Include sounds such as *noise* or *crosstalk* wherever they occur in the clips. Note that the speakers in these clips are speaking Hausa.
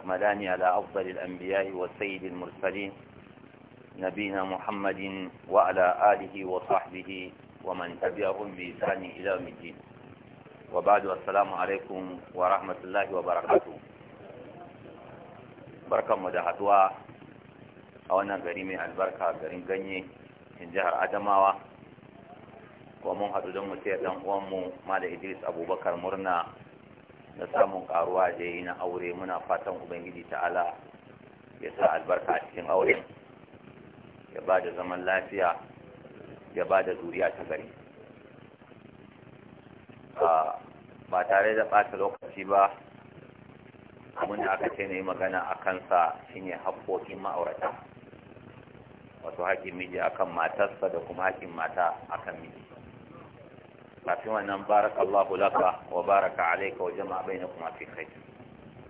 الأكملان على أفضل الأنبياء والسيد المرسلين نبينا محمد وعلى آله وصحبه ومن تبعهم بإحسان إلى يوم الدين وبعد السلام عليكم ورحمة الله وبركاته بركة مدهتوا أولا غريمي البركة غريم غني من جهر أدماوة ومن هدو دم سيئة أمو مال إدريس أبو بكر مرنا na samun karuwa da yi na aure muna fatan ubangiji ta'ala ya sa albarka cikin aure ya ba da zaman lafiya ya ba da zuriya ta gari ba tare da ɓata lokaci ba muni aka ce na yi magana a kansa shine haƙoƙin ma'aurata wato haƙin miji akan matarsa da kuma haƙin mata akan miji kafin wannan Allahu laka wa baraka alayka wa jama'a bainakuma fi khair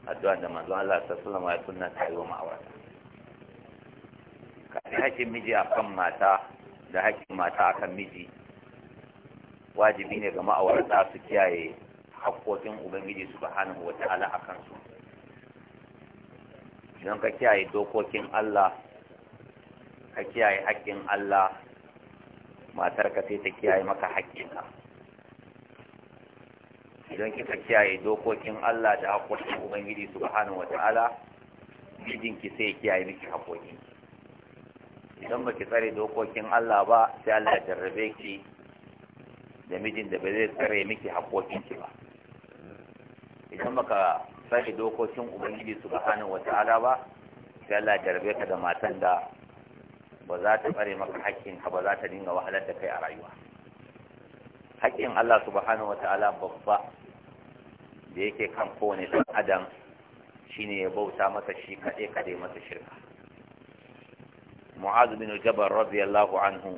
addu'a da manzo Allah sallallahu alaihi wasallam ya sunna ta yi wa ma'aurata kai hakkin miji akan mata da hakkin mata akan miji wajibi ne ga ma'aurata su kiyaye haƙƙoƙin ubangiji subhanahu wa ta'ala akan su idan ka kiyaye dokokin Allah ka kiyaye haƙƙin Allah matarka sai ta kiyaye maka haƙƙinka idan kika kiyaye dokokin Allah da haƙoƙin Ubangiji subhanahu wata'ala mijinki sai ya kiyaye miki haƙoƙin idan baki tsare dokokin Allah ba sai Allah ya jarrabe ki da mijin da bai zai tsare miki haƙoƙin ki ba idan baka tsare dokokin Ubangiji subhanahu wata'ala ba sai Allah ya jarrabe ka da matan da ba za ta tsare maka haƙƙinka ba za ta dinga wahalar da kai a rayuwa haƙƙin Allah subhanahu ta'ala babba da yake kan kowane ɗan adam shine ya bauta masa shi kaɗai kaɗai masa shirka mu'az bin jabal radiyallahu anhu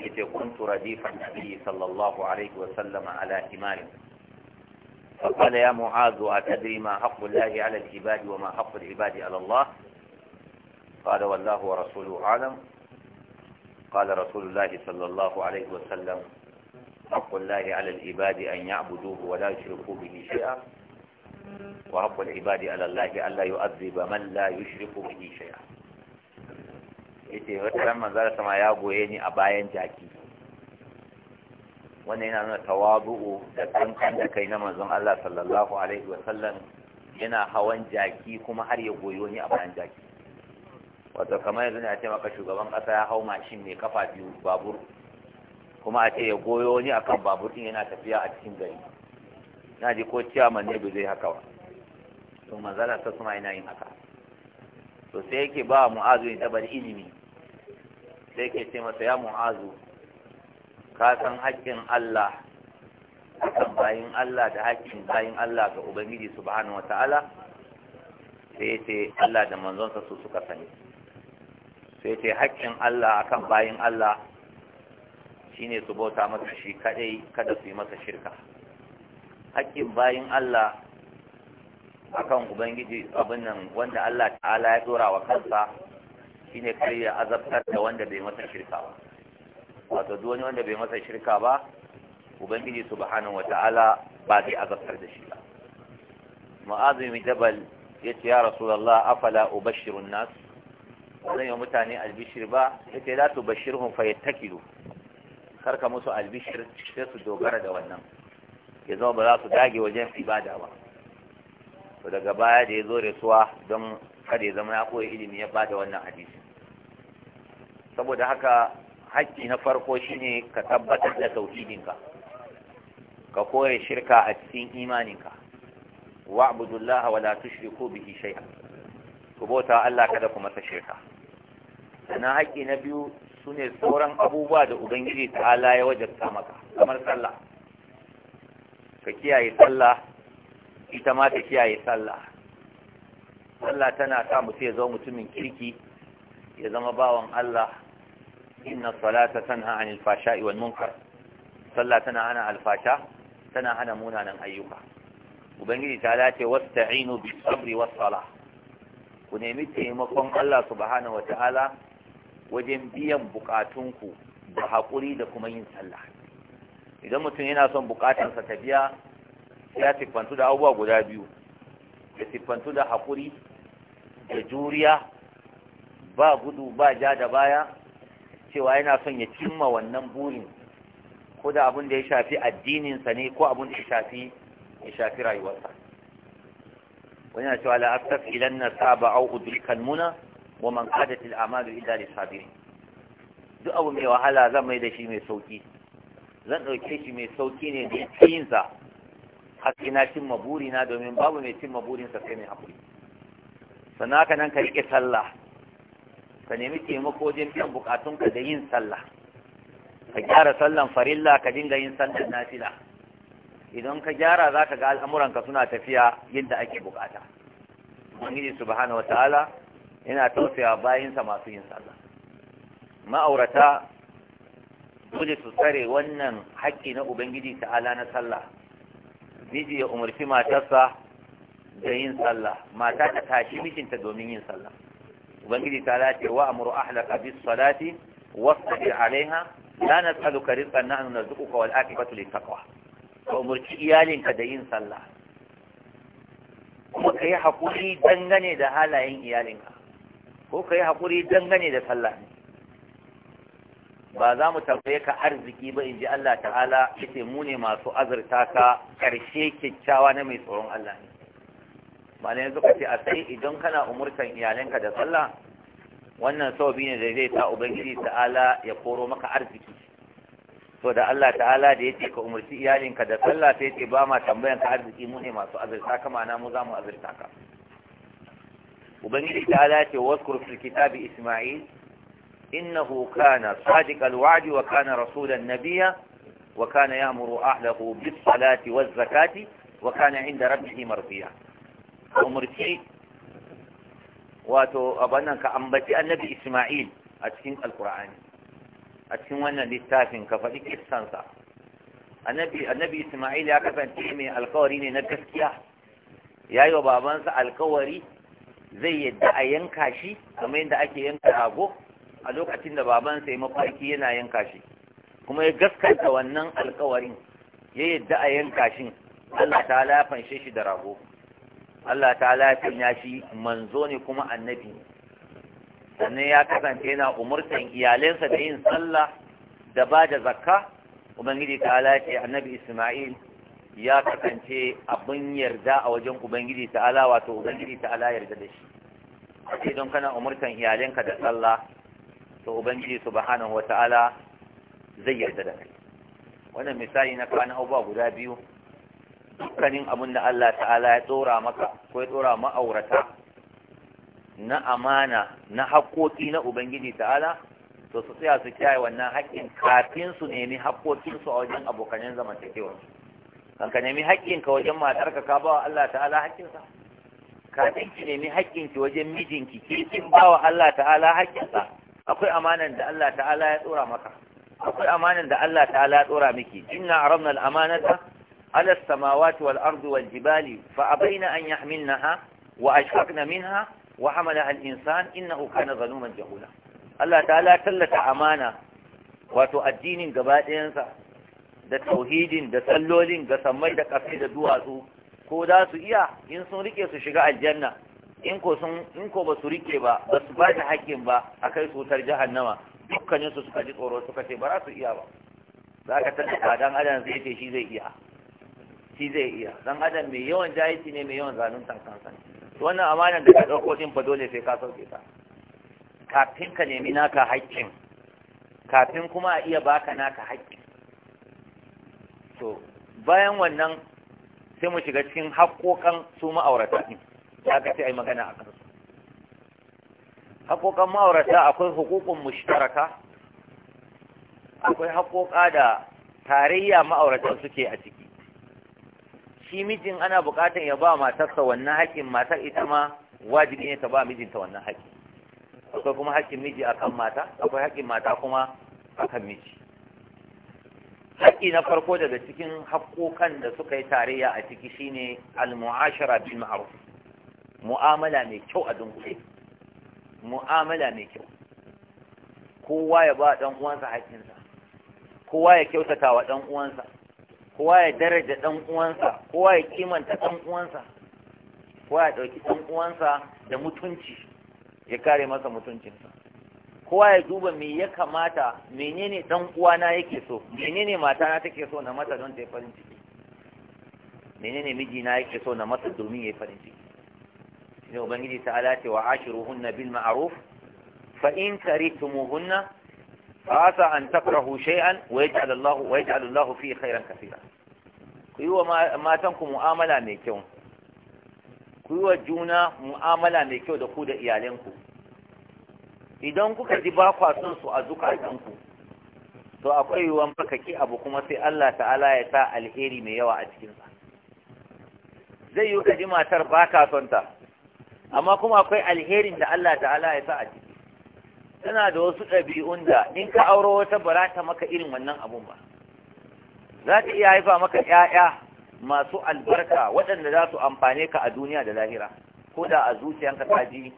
yace kuntu radifan nabiyyi sallallahu alaihi wa sallama ala himari فقال يا معاذ أتدري ما حق الله على العباد وما حق العباد على الله قال والله ورسوله أعلم قال رسول الله صلى الله عليه وسلم حق الله على العباد أن يعبدوه ولا يشركوا به شيئا ورب العباد على الله ألا يؤذب من لا يشرك به شيئا yace wataran manzara sama ya goye ni a bayan jaki wannan yana nuna tawabu'u da kankan da kai na manzon Allah sallallahu alaihi wa sallam yana hawan jaki kuma har ya goyo ni a bayan jaki wato kamar yanzu ne a ce maka shugaban ƙasa ya hau mashin mai kafa biyu babur kuma a ce ya goyo wani akan babur din yana tafiya a cikin gari na ji ko ciyaman ne ba zai haka ba to manzala ta suma yana yin haka to sai yake ba mu'azu ya tabar ilimi sai yake ce masa ya mu'azu ka san haƙƙin Allah kan bayin Allah da haƙƙin bayin Allah ga Ubangiji subhanahu wata'ala sai ya ce Allah da manzonsa su suka sani sai ya ce haƙƙin Allah akan bayin Allah shine su bauta masa shi kadai kada su yi masa shirka haƙƙin bayin Allah akan ubangiji abin nan wanda Allah ta'ala ya dora wa kansa shine kai ya azabtar da wanda bai masa shirka ba wato duk wani wanda bai masa shirka ba ubangiji subhanahu wata'ala ba zai azabtar da shi ba mu'azu bin jabal yace ya rasulullah afala ubashirun nas zan yi mutane albishir ba yace la tubashirhum fayattakilu karka musu albishir sai su dogara da wannan ya zama ba za su dage wajen ibada ba to daga baya da ya zo rasuwa don kada ya zama ya koya ilimi ya bada wannan hadisi saboda haka hakki na farko shine ka tabbatar da tauhidinka ka kore shirka a cikin imaninka Wa wa'budullaha wala tushriku bihi shay'a ku bota Allah kada ku masa shirka sannan haƙƙi na biyu su ne sauran abubuwa da ubangiji ta ta'ala ya wajabta maka kamar sallah ka kiyaye sallah ita ma ta kiyaye sallah sallah tana sa mutum ya zama mutumin kirki ya zama bawan Allah inna salata tanha anil fashai wal munkar sallah tana hana alfasha tana hana munanan ayyuka ubangiji ta ala dace wasta'inu bis sabri was sala ku nemi taimakon Allah subhanahu wataala wajen biyan bukatunku da haƙuri da kuma yin sallah idan mutum yana son bukatansa ta biya ya siffantu da abubuwa guda biyu ya siffantu da haƙuri da juriya ba gudu ba ja da baya cewa yana son ya cimma wannan burin ko da abin da ya shafi addininsa ne ko abin da ya shafi ya rayuwarsa wani na cewa la'asar ilan na saba au udrikan muna wa man qadatil a'malu illa lisabirin duk abu mai wahala zan mai da shi mai sauki zan ɗauke shi mai sauki ne da tsayinsa hakina na cimma burina domin babu mai cimma sa sai mai haƙuri sannan haka ka riƙe sallah ka nemi taimako wajen biyan buƙatunka da yin sallah ka gyara sallan farilla ka dinga yin sallan nafila idan ka gyara za ka ga al'amuranka suna tafiya yadda ake bukata ubangiji subhanahu ta'ala yana tausaya bayansa masu yin sallah ma'aurata dole su tsare wannan haƙƙi na ubangiji ta'ala na sallah miji ya umarci matarsa da yin sallah mata ta tashi mijinta domin yin sallah ubangiji ta'ala ce wa amuru ahlaka bis salati wasbir alaiha la nas'aluka rizqan nahnu narzuquka wal aqibatu lit taqwa ka umarci iyalinka da yin sallah kuma ka hakuri dangane da halayen iyalinka ko ka yi haƙuri dangane da sallah ne. ba za mu tambaye ka arziki ba in ji Allah ta'ala yace mu ne masu azurta ka ƙarshe kyakkyawa na mai tsoron Allah ne ba yanzu ce a sai idan kana umurtan iyalanka da sallah wannan sababi ne da zai sa ubangiji ta'ala ya koro maka arziki to da Allah ta'ala da yake ka umurci iyalinka da sallah sai ce ba ma tambayan ka arziki mu ne masu azurta ka ma'ana mu za mu azurta ka ubangiji ta ala ce waskur fil kitabi isma'il innahu kana sadiqal wa'di wa kana rasulan nabiyya wa kana ya'muru ahlahu bis salati waz zakati wa kana inda rabbihi mardiya umurci wato abannan ka ambaci annabi isma'il a cikin alqur'ani a cikin wannan littafin ka faɗi kissansa annabi annabi isma'il ya kasance mai alƙawari ne na gaskiya Ya yi wa babansa alƙawari. zai yadda a yanka shi kamar yadda ake yanka rago a lokacin da babansa ya mafarki yana yanka shi kuma ya gaskanta wannan alkawarin ya yadda a yanka shi Allah ta lafan shi da rago Allah ta lafin ya shi manzo ne kuma annabi sannan ya kasance yana umurtan iyalensa da yin sallah da ba da zakka ubangiji ta lafi annabi Isma'il ya kasance abin yarda a wajen ubangiji ta'ala wato ubangiji ta'ala yarda da shi sai don kana umurtan iyalinka da tsalla, to ubangiji subhanahu ala zai yarda da kai wannan misali na kana abubuwa guda biyu dukkanin abin da Allah ta'ala ya tsora maka ko ya tsora ma'aurata na amana na haƙoƙi na ubangiji ta'ala to su tsaya su kyaye wannan haƙƙin kafin su nemi haƙoƙinsu a wajen abokanen zamantakewarsu kan ka nemi haƙƙinka wajen matarka ka ba wa Allah ta'ala haƙƙinsa kafin ki nemi haƙƙinki wajen mijinki ki kin ba wa Allah ta'ala haƙƙinsa akwai amanan da Allah ta'ala ya tsora maka akwai amanan da Allah ta'ala ya tsora miki inna aramna al-amanata ala as-samawati wal ardi wal jibali fa abaina an yahmilnaha wa ashfaqna minha wa hamalaha al-insan innahu kana zaluman jahula Allah ta'ala tallata amana wato addinin gaba ɗayansa da tauhidin da sallolin ga sammai da kafe da duwatsu ko za su iya in sun rike su shiga aljanna in ko sun in ko ba su rike ba ba su ba da haƙƙin ba akai su tar jahannama dukkanin su suka ji tsoro suka ce ba za su iya ba za ka tattaka dan adam zai ce shi zai iya shi zai iya dan adam mai yawan jahilci ne mai yawan zaluntar To wannan amanar da ka ɗauko din fa dole sai ka sauke ta kafin ka nemi naka haƙƙin kafin kuma a iya baka naka haƙƙin to bayan wannan sai mu shiga cikin haƙoƙan su ma'aurata ɗin ya ka ce a yi magana a kansu haƙoƙan ma'aurata akwai hukukun mushtaraka akwai haƙoƙa da tarayya ma'aurata suke a ciki shi mijin ana buƙatar ya ba matarsa wannan haƙƙin matar ita ma wajibi ne ta ba mijinta wannan haƙƙi akwai kuma haƙƙin miji akan mata akwai haƙƙin mata kuma akan miji haƙƙi na farko daga cikin haƙƙokan da suka yi tarayya a ciki shine al-mu'ashara bil ma'ruf mu'amala mai kyau a dunkule mu'amala mai kyau kowa ya ba dan uwansa haƙƙinsa kowa ya kyautata wa dan uwansa kowa ya daraja dan uwansa kowa ya kimanta dan uwansa kowa ya dauki dan uwansa da mutunci ya kare masa mutuncinsa kowa ya duba me ya kamata menene dan uwana yake so menene matana take so na mata don ta yi farin ciki menene mijina yake so na mata domin ya yi farin ciki shine ubangiji ta alace wa ashiruhunna bil ma'ruf fa in karihtumuhunna fa asa an takrahu shay'an wa yaj'al Allah wa yaj'al Allah fi khairan kaseera ku yi wa matan ku mu'amala mai kyau ku yi wa juna mu'amala mai kyau da ku da iyalanku idan kuka ji ba kwa son su a zukatanku to akwai yiwuwan ki abu kuma sai Allah ta'ala ya sa alheri mai yawa a cikinsa zai yi ka matar ba ka son amma kuma akwai alherin da Allah ta'ala ya sa a ciki tana da wasu ɗabi'un da in ka auro wata ba ta maka irin wannan abun ba za ta iya haifa maka ƴaƴa masu albarka waɗanda za su amfane ka a duniya da lahira ko da a zuciyanka ka ji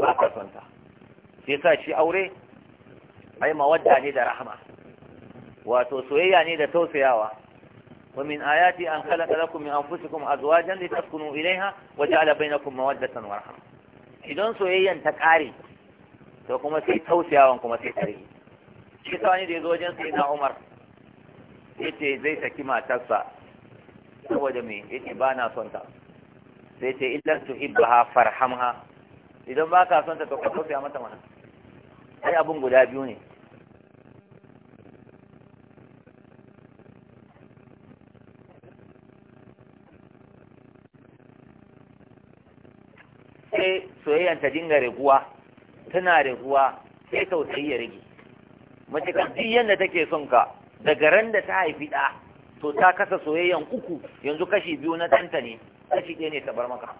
ba ka son sai sa shi aure ai mawadda ne da rahama wato soyayya ne da tausayawa wa min ayati an khalaqa lakum min anfusikum azwajan litaskunu ilayha wa ja'ala bainakum mawaddatan wa rahma idan soyayyan ta kare to kuma sai tausayawan kuma sai tare shi sawani da yazo wajen sai na Umar yace zai saki matarsa saboda me yace ba na son ta sai ce illa tuhibbaha farhamha idan baka son ta to ka tausaya mata mana ai abin guda biyu ne sai soyayyar ta dinga raguwa tana raguwa sai tausayi ya rage mace kan duk yadda take son ka daga ran da ta haifi ɗa to ta kasa soyayyan uku yanzu kashi biyu na ɗanta ne kashi ɗaya ne ta bar maka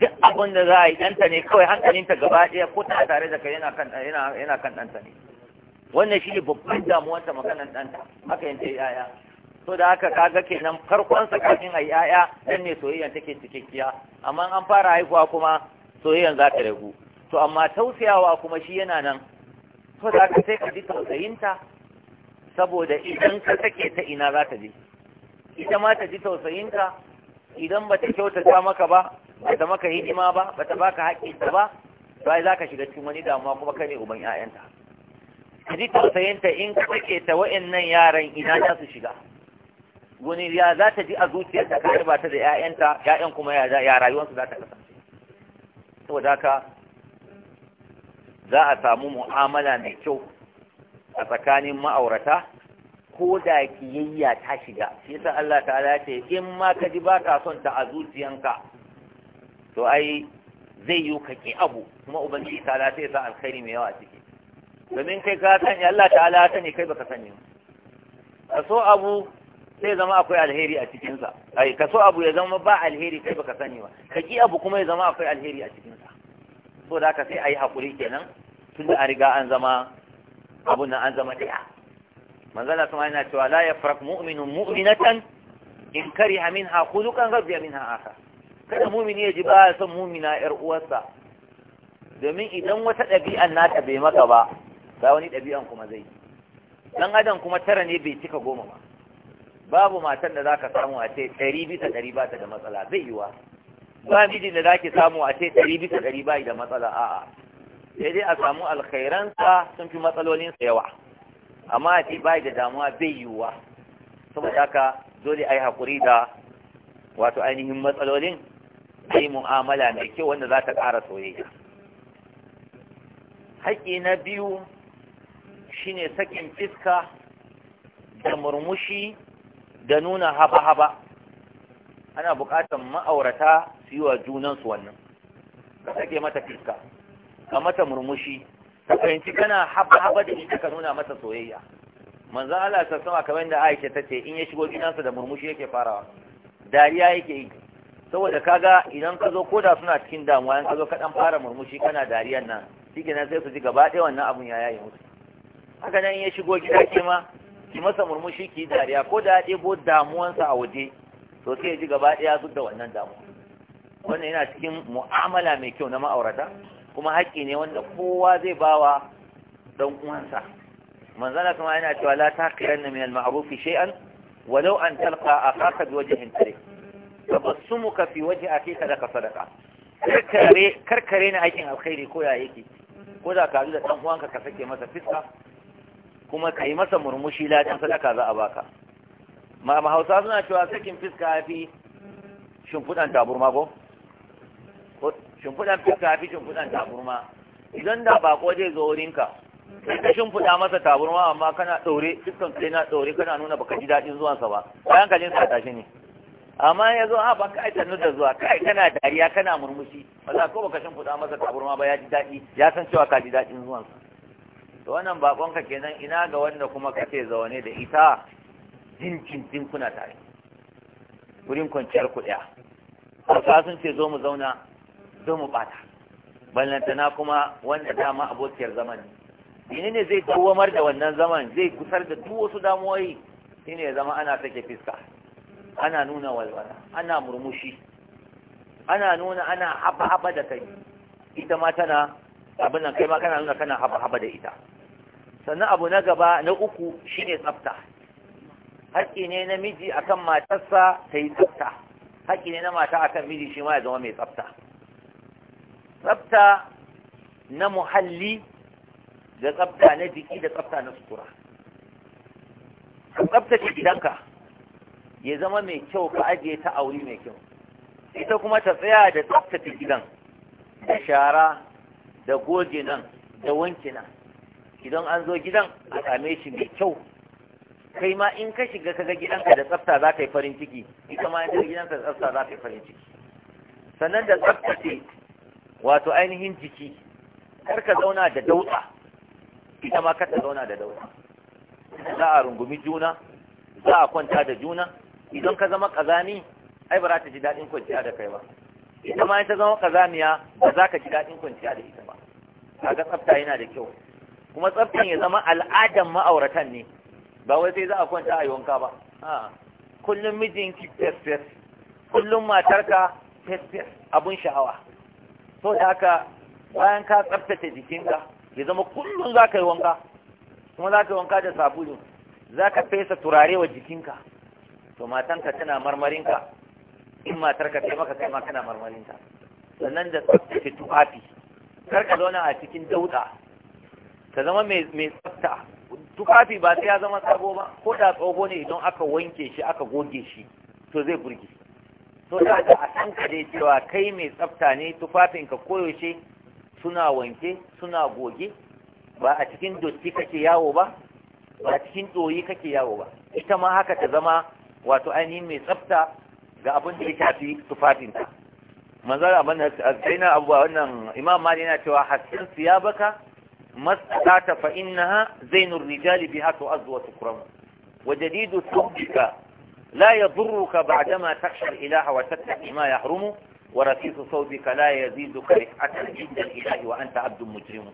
duk abin da za a yi ɗanta ne kawai hankalinta gaba ɗaya ko ta tare da ka yana kan ɗanta ne wannan shi ne babban damuwarta maganan ɗanta haka yin ta yaya so da haka kaga kenan farkon kafin a yaya dan ne soyayyan take cikakkiya amma an fara haihuwa kuma soyayyan za ta ragu to amma tausayawa kuma shi yana nan so da haka sai ka ji tausayinta saboda idan ka sake ta ina za ta je ita ma ta ji tausayinta idan ba ta kyautata maka ba ba ta maka hidima ba bata ta baka ta ba to ai zaka shiga cikin wani damuwa kuma kai ne uban ƴaƴanta ka ji tausayinta in ka take ta wa'annan yaran ina za su shiga wani ya za ta ji a zuciyarta ka ba ta da ƴaƴanta ƴaƴan kuma ya rayuwarsu za ta kasance saboda haka za a samu mu'amala mai kyau a tsakanin ma'aurata ko da kiyayya ta shiga shi yasa Allah ta'ala ya ce in ma ka ji ba ka son ta a zuciyanka to ai zai yi kake abu kuma ubangiji ta la ya sa alkhairi mai yawa ciki domin kai ka sani Allah ta'ala ta ne kai baka sani ka so abu sai zama akwai alheri a cikinsa ai ka so abu ya zama ba alheri kai baka sani ba ka ki abu kuma ya zama akwai alheri a cikinsa so da ka sai ayi hakuri kenan tunda an riga an zama abu nan an zama daya manzala kuma yana cewa la yafrak mu'minun mu'minatan in kariha minha khuluqan rabbiya minha akhar kada mumini ya ji ba ya son mumina yar uwarsa domin idan wata ɗabi'an na bai maka ba ba wani ɗabi'an kuma zai dan adam kuma tara ne bai cika goma ba babu matan da za ka samu a ce ɗari bisa ɗari ba ta da matsala zai yiwa ba mijin da za ki samu a ce ɗari bisa ɗari ba da matsala a'a sai dai a samu alkhairansa sun fi matsalolinsa yawa amma a ce ba da damuwa bai yiwuwa saboda haka dole a yi haƙuri da wato ainihin matsalolin mu'amala mai kyau wanda za ta ƙara soyayya haƙƙi na biyu shine sakin fiska da murmushi da nuna haba-haba ana buƙatar ma'aurata su yi wa junansu wannan ka sake mata fiska ka mata murmushi ka fahimci kana haba-haba da ita ka nuna mata soyayya manzo Allah ta sama kamar da Aisha tace in ya shigo gidansa da murmushi yake farawa dariya yake yi saboda kaga idan ka zo koda suna cikin damuwa in ka zo ka dan fara murmushi kana dariyan nan shike nan sai su ji gaba ɗaya wannan abun ya yayi musu haka nan ya shigo gida ke ma ki masa murmushi ki dariya ko da ya ɗebo damuwansa a waje to sai ya ji gaba ɗaya duk da wannan damuwa wannan yana cikin mu'amala mai kyau na ma'aurata kuma haƙƙi ne wanda kowa zai bawa dan uwansa manzala kuma yana cewa la taqiranna min al-ma'ruf shay'an walau an talqa akaka bi wajhin tariq tabassumuka fi waje a kai sadaka sadaka karkare na aikin alkhairi ko ya yake ko da ka da dan uwanka ka sake masa fiska kuma ka yi masa murmushi ladan sadaka za a baka ma hausa suna cewa sakin fiska ya fi shimfiɗan taburma ko shimfiɗan fiska ya fi shimfiɗan taburma idan da bako zai zo wurinka sai ka shimfiɗa masa taburma amma kana ɗaure fiskan kai na ɗaure kana nuna baka ji daɗin zuwansa ba bayan ka jin sa tashi ne amma ya zo a ah, baka ai sannu da zuwa kai kana dariya kana murmushi ba za ko baka fuda masa taburma ba ya ji daɗi ya san cewa ka ji daɗin zuwansa to wannan ka kenan ina ga wanda kuma kace zaune da ita din kuna tare wurin kwanciyar ku ɗaya ka sun ce zo mu zauna zo mu ɓata ballantana kuma wanda dama abokiyar zaman ne ne zai dawamar da wannan zaman zai kusar da duk wasu damuwoyi shine ya zama ana sake fiska ana nuna walwala ana murmushi ana nuna ana haba-haba da kai ita ma tana abin nan kai ma kana nuna kana haba-haba da ita sannan abu na gaba na uku shine tsafta haƙƙi ne namiji akan matarsa ta yi tsafta haƙƙi ne na mata akan miji shi ma ya zama mai tsafta tsafta na muhalli da tsafta na jiki da tsafta na sutura ka tsaftace gidanka ya zama mai kyau ka ajiye ta auri mai kyau ita kuma ta tsaya da tsaftace gidan da shara da goge nan da wanke nan idan an zo gidan a same shi mai kyau kai ma in ka shiga kaga gidanka da tsafta za ka yi farin ciki ita ma in gidanka da tsafta za ka yi farin ciki sannan da tsaftace wato ainihin jiki kar ka zauna da dauɗa ita ma kar ta zauna da dauɗa za a rungumi juna za a kwanta da juna idan ka zama kazani ai ba za ta ji daɗin kwanciya da kai ba ita ma ta zama kazaniya ba za ka ji daɗin kwanciya da ita ba kaga tsafta yana da kyau kuma tsaftan ya zama al'adan ma'auratan ne ba wai sai za a kwanta a yi wanka ba kullum mijinki fesfes kullum matarka fesfes abun sha'awa so da haka bayan ka tsaftace jikinka ya zama kullum za ka yi wanka kuma za ka yi wanka da sabulu za ka fesa turare wa jikinka to matanka tana marmarinka in matarka ta maka kai ma kana marmarinta sannan da tsaftace tufafi kar ka zauna a cikin dauɗa. ka zama mai tsafta tufafi ba sai ya zama tsago ba ko da tsago ne idan aka wanke shi aka goge shi to zai burge To da a san ka dai cewa kai mai tsafta ne tufafinka koyaushe suna wanke suna goge ba a cikin dotti kake yawo ba ba a cikin tsoyi kake yawo ba ita ma haka ta zama wato ainihin mai tsafta ga abin da ya shafi tufafinta manzar abin da abuwa wannan imam mali yana cewa haskin siyabaka ta fa innaha zainur rijali biha haka wa tukram wa jadidu thawbika la yadurruka ba'dama takhsha al-ilaha wa tattaqi ma yahrumu wa rafiqu thawbika la yaziduka ri'atan inda al-ilahi wa anta abdun mujrim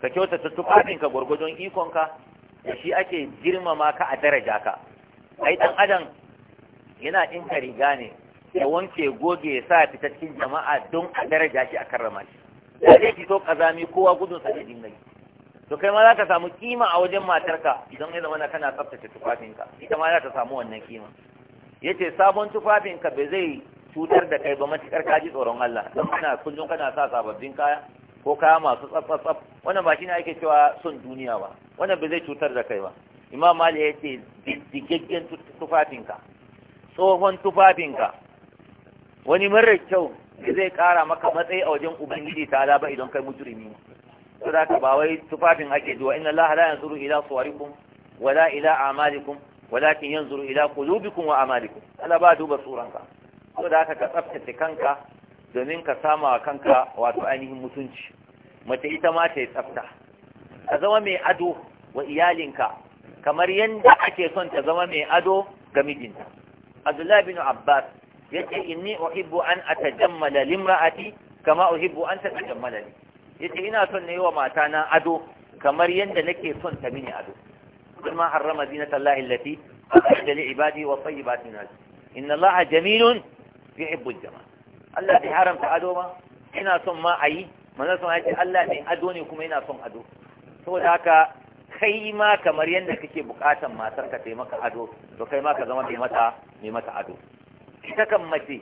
ka kyautata tufafinka gwargwadon ikonka da shi ake girmama ka a daraja ka ai dan adam yana ɗinka riga ne ya wanke goge ya sa fita cikin jama'a don a daraja shi a karrama shi da zai fito kazami kowa gudun sa zai dinga to kai ma za ka samu kima a wajen matarka idan ya zama kana tsaftace tufafinka ita ma za ta samu wannan kima yace sabon tufafinka bai zai cutar da kai ba matukar ka ji tsoron Allah don kana kullum kana sa sababbin kaya ko kaya masu tsaf tsaf wannan ba shi ne ake cewa son duniya ba wannan bai zai cutar da kai ba imam Ali ya ce jikakken tufafinka tsohon tufafinka wani marar kyau da zai kara maka matsayi a wajen ubangiji ta ba idan kai mujrimi ne to da ka ba wai tufafin ake duwa inna Allah la yanzuru ila suwarikum wala ila amalikum walakin yanzuru ila qulubikum wa amalikum Allah ba duba suranka to da ka tsaftace kanka domin ka sama wa kanka wato ainihin mutunci mace ita ma ta yi tsafta ka zama mai ado wa iyalinka kamar yadda ake son ta zama mai ado ga mijinta Abdullahi bin Abbas ya yace inni uhibbu an a atajammala limra'ati kama uhibbu an ta tatajammala Ya ce ina son na yi wa mata na ado kamar yadda nake son ta mini ado kuma harrama zinatallahi allati أخرج لعبادي Inna الناس إن الله جميل jama'a. Allah الله في ado تعدوما ina son ma a ayi manzon sun yace Allah mai ado ne kuma ina son ado saboda haka kai ma kamar yadda kake bukatan matar ka taimaka ado to kai ma ka zama mai mata mai mata ado ita kan mace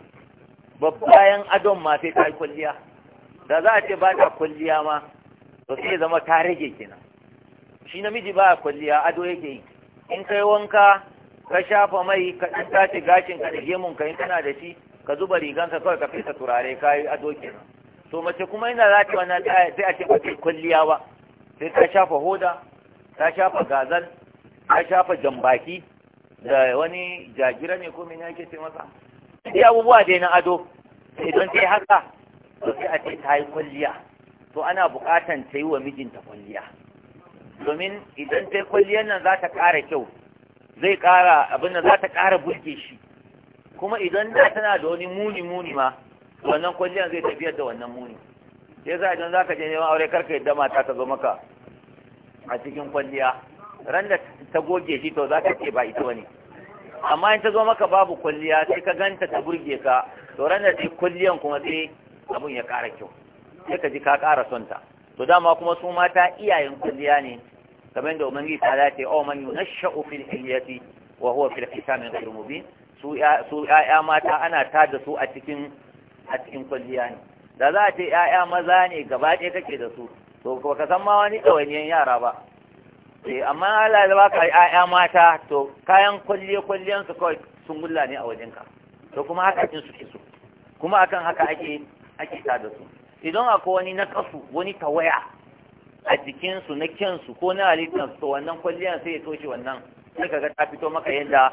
babban adon ma sai ta yi kulliya da za a ce ba ta kulliya ma to sai zama ta rage kenan shi namiji ba kulliya ado yake yi in kai wanka ka shafa mai ka ɗan tace gashin ka da gemun ka in kana da shi ka zuba riganka kawai ka fesa turare ka yi ado kenan to mace kuma ina za ta wani sai a ce ba ta kulliya ba sai ka shafa hoda ta shafa gazal ta shafa jambaki da wani jagira ne ko mene ake ce masa sai abubuwa dai na ado idan sai haka to sai a ce ta yi kwalliya to ana bukatan ta yi wa mijinta kwalliya domin idan ta yi kwalliyar nan za ta ƙara kyau zai ƙara abin nan za ta ƙara burge shi kuma idan da tana da wani muni muni ma wannan kwalliyar zai tafiyar da wannan muni sai za idan za ka je neman aure kar ka yadda mata ta zo maka a cikin kwalliya ran da ta goge shi to za ka ce ba ita wani amma in ta zo maka babu kwalliya sai ka ganta ta burge ka to ran da ta kwalliyan kuma sai abun ya ƙara kyau sai ka ji ka ƙara son to dama kuma su mata iyayen kwalliya ne kamar da umarni ta dace o oh, man yunashsha'u fil hilyati wa huwa fil hisami ghayr su su ƴaƴa mata ana tada su a cikin a cikin kwalliya ne da za a ce ƴaƴa maza ne gaba ɗaya kake da su to ba ka san ma wani ɗawainiyan yara ba eh amma Allah ya baka ƴaƴa mata to kayan kwalliye kwalliyan su kawai sun gulla ne a wajen ka. to kuma haka kin suke so kuma akan haka ake ake ta da su idan akwai wani na kasu wani tawaya a jikinsu na su ko na halittarsu to wannan kwalliyan sai ya toshe wannan sai kaga ta fito maka yadda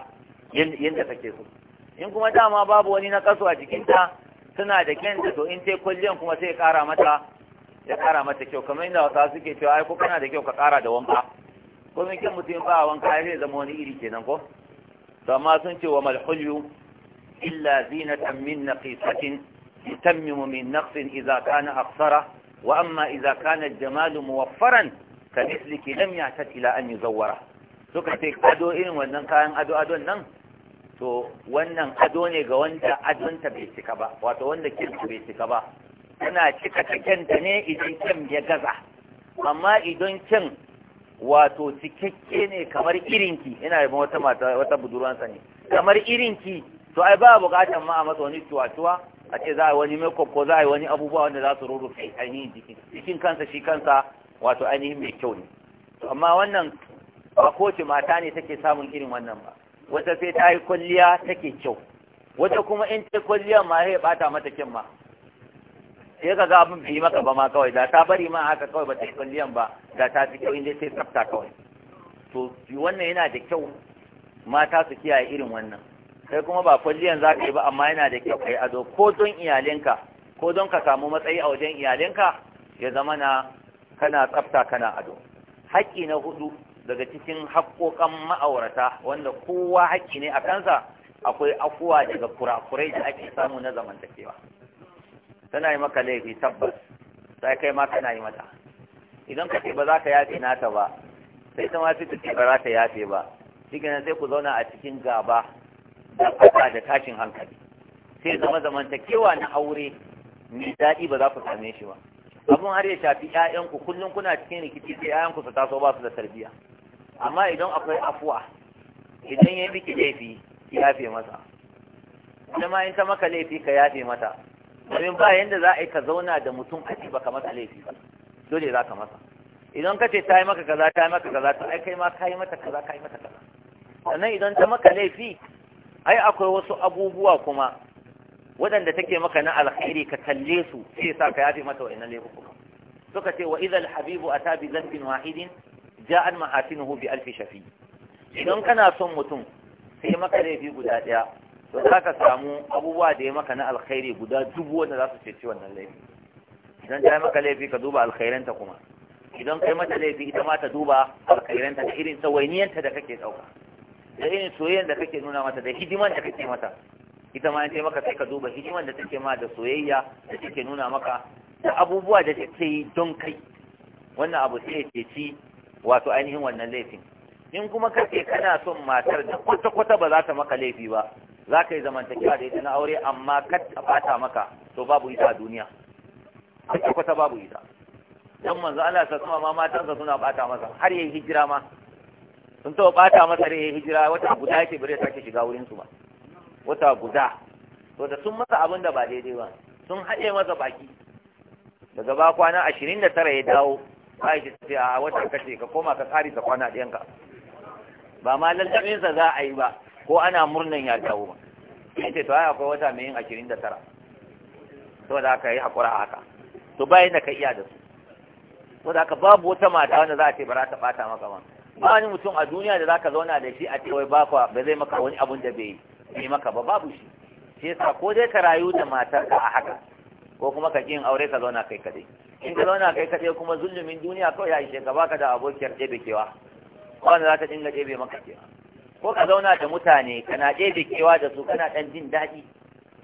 yadda kake so in kuma dama babu wani na kasu a jikinta tana da kyanta to in sai kwalliyan kuma sai ya kara mata ya kara mata kyau kamar inda wasa suke cewa ai ko kana da kyau ka kara da wanka ko min kin mutum ba wanka ya zai zama wani iri kenan ko to amma sun ce wa malhulu illa zinatan min naqisatin tammimu min naqsin idza kana aqsara wa amma idza kana al-jamalu muwaffaran ka misliki lam ya'tat ila an yuzawwara suka ce ado irin wannan kayan ado ado nan to wannan ado ne ga wanda adonta bai cika ba wato wanda kirki bai cika ba tana cika da ne idan kyan ya gaza amma idan kyan wato cikakke ne kamar irinki ina yi wata mata wata budurwansa ne kamar irinki to ai ba bukatan ma a masa wani cuwa-cuwa a ce za a yi wani makeup ko za a yi wani abubuwa wanda za su rurrufe ainihin jikin jikin kansa shi kansa wato ainihin mai kyau ne amma wannan ba kowace mata ne take samun irin wannan ba wata sai ta yi kwalliya take kyau wata kuma in ta kwalliya ma ya bata mata kyan ma sai ka ga abin fi maka ba ma kawai da ta bari ma haka kawai ba ta yi ba da ta fi kyau inda sai tsafta kawai to wannan yana da kyau mata su kiyaye irin wannan sai kuma ba kwalliyan za ka yi ba amma yana da kyau kai ado ko don iyalinka ko don ka samu matsayi a wajen iyalinka ya zama na kana tsafta kana ado haƙƙi na hudu daga cikin haƙƙoƙan ma'aurata wanda kowa haƙƙi ne a kansa akwai afuwa daga kurakurai da ake samu na zamantakewa tana yi maka laifi tabbas sai kai ma kana yi mata idan ka ce ba za ka yafe nata ba sai ta ma fita ce ba za ta yafe ba shi sai ku zauna a cikin gaba da fata da tashin hankali sai zama zamantakewa na aure mai daɗi ba za ku same shi ba Abin har ya shafi ƴaƴanku kullum kuna cikin rikici sai ƴaƴanku su taso ba su da tarbiyya amma idan akwai afuwa idan ya yi miki laifi ya yafe masa kuma in ta maka laifi ka yafe mata domin ba yadda za a yi ka zauna da mutum aji ba ka masa laifi ba dole za ka masa idan ka ce ta yi maka kaza ta yi maka kaza to ai kai ma ka yi mata kaza ka yi mata kaza sannan idan ta maka laifi ai akwai wasu abubuwa kuma waɗanda take maka na alkhairi ka kalle su sai sa ka yafe mata wa'annan laifuka suka ce wa idal habibu ta bi zanbin wahidin ja'an mahasinuhu bi alfi shafi idan kana son mutum sai maka laifi guda ɗaya to za ka samu abubuwa da ya maka na alkhairi guda dubu wanda za su ceci wannan laifi idan ta yi maka laifi ka duba alkhairanta kuma idan kai mata laifi ita ma ta duba alkhairanta da irin tsawainiyanta da kake ɗauka da irin soyayyar da kake nuna mata da hidiman da kake mata ita ma ta maka sai ka duba hidiman da take ma da soyayya da take nuna maka da abubuwa da take yi don kai wannan abu sai ya ceci wato ainihin wannan laifin in kuma kake kana son matar da kwata-kwata ba za ta maka laifi ba za ka yi zamantakewa da ita na aure amma kata ta maka to babu ita a duniya kwata kwata babu ita don manzo Allah sa kuma ma matansa suna bata masa har yayi hijira ma sun taɓa bata masa da yayi hijira wata guda yake bare ke shiga wurin su ba wata guda to da sun masa abin da ba daidai ba sun haɗe masa baki daga ba kwana ashirin da tara ya dawo Aisha ta ce a wata kace ka koma ka kare ka kwana ka ba ma lallaɓinsa za a yi ba ko ana murnan ya dawo ita to ai akwai wata mai yin ashirin da tara to da aka yi haƙura haka to bayan da ka iya da su to da aka babu wata mata wanda za a ce ba za ta ɓata maka ba ba wani mutum a duniya da za ka zauna da shi a ce wai ba ba zai maka wani abun da bai yi maka ba babu shi shi yasa ko dai ka rayu da matar ka a haka ko kuma ka yin aure ka zauna kai kadai in ka zauna kai kadai kuma zulumin duniya kawai ya ishe ka baka da abokiyar ɗebe kewa wanda za ta dinga ɗebe maka kewa ko ka zauna da mutane kana ɗebe kewa da su kana ɗan jin daɗi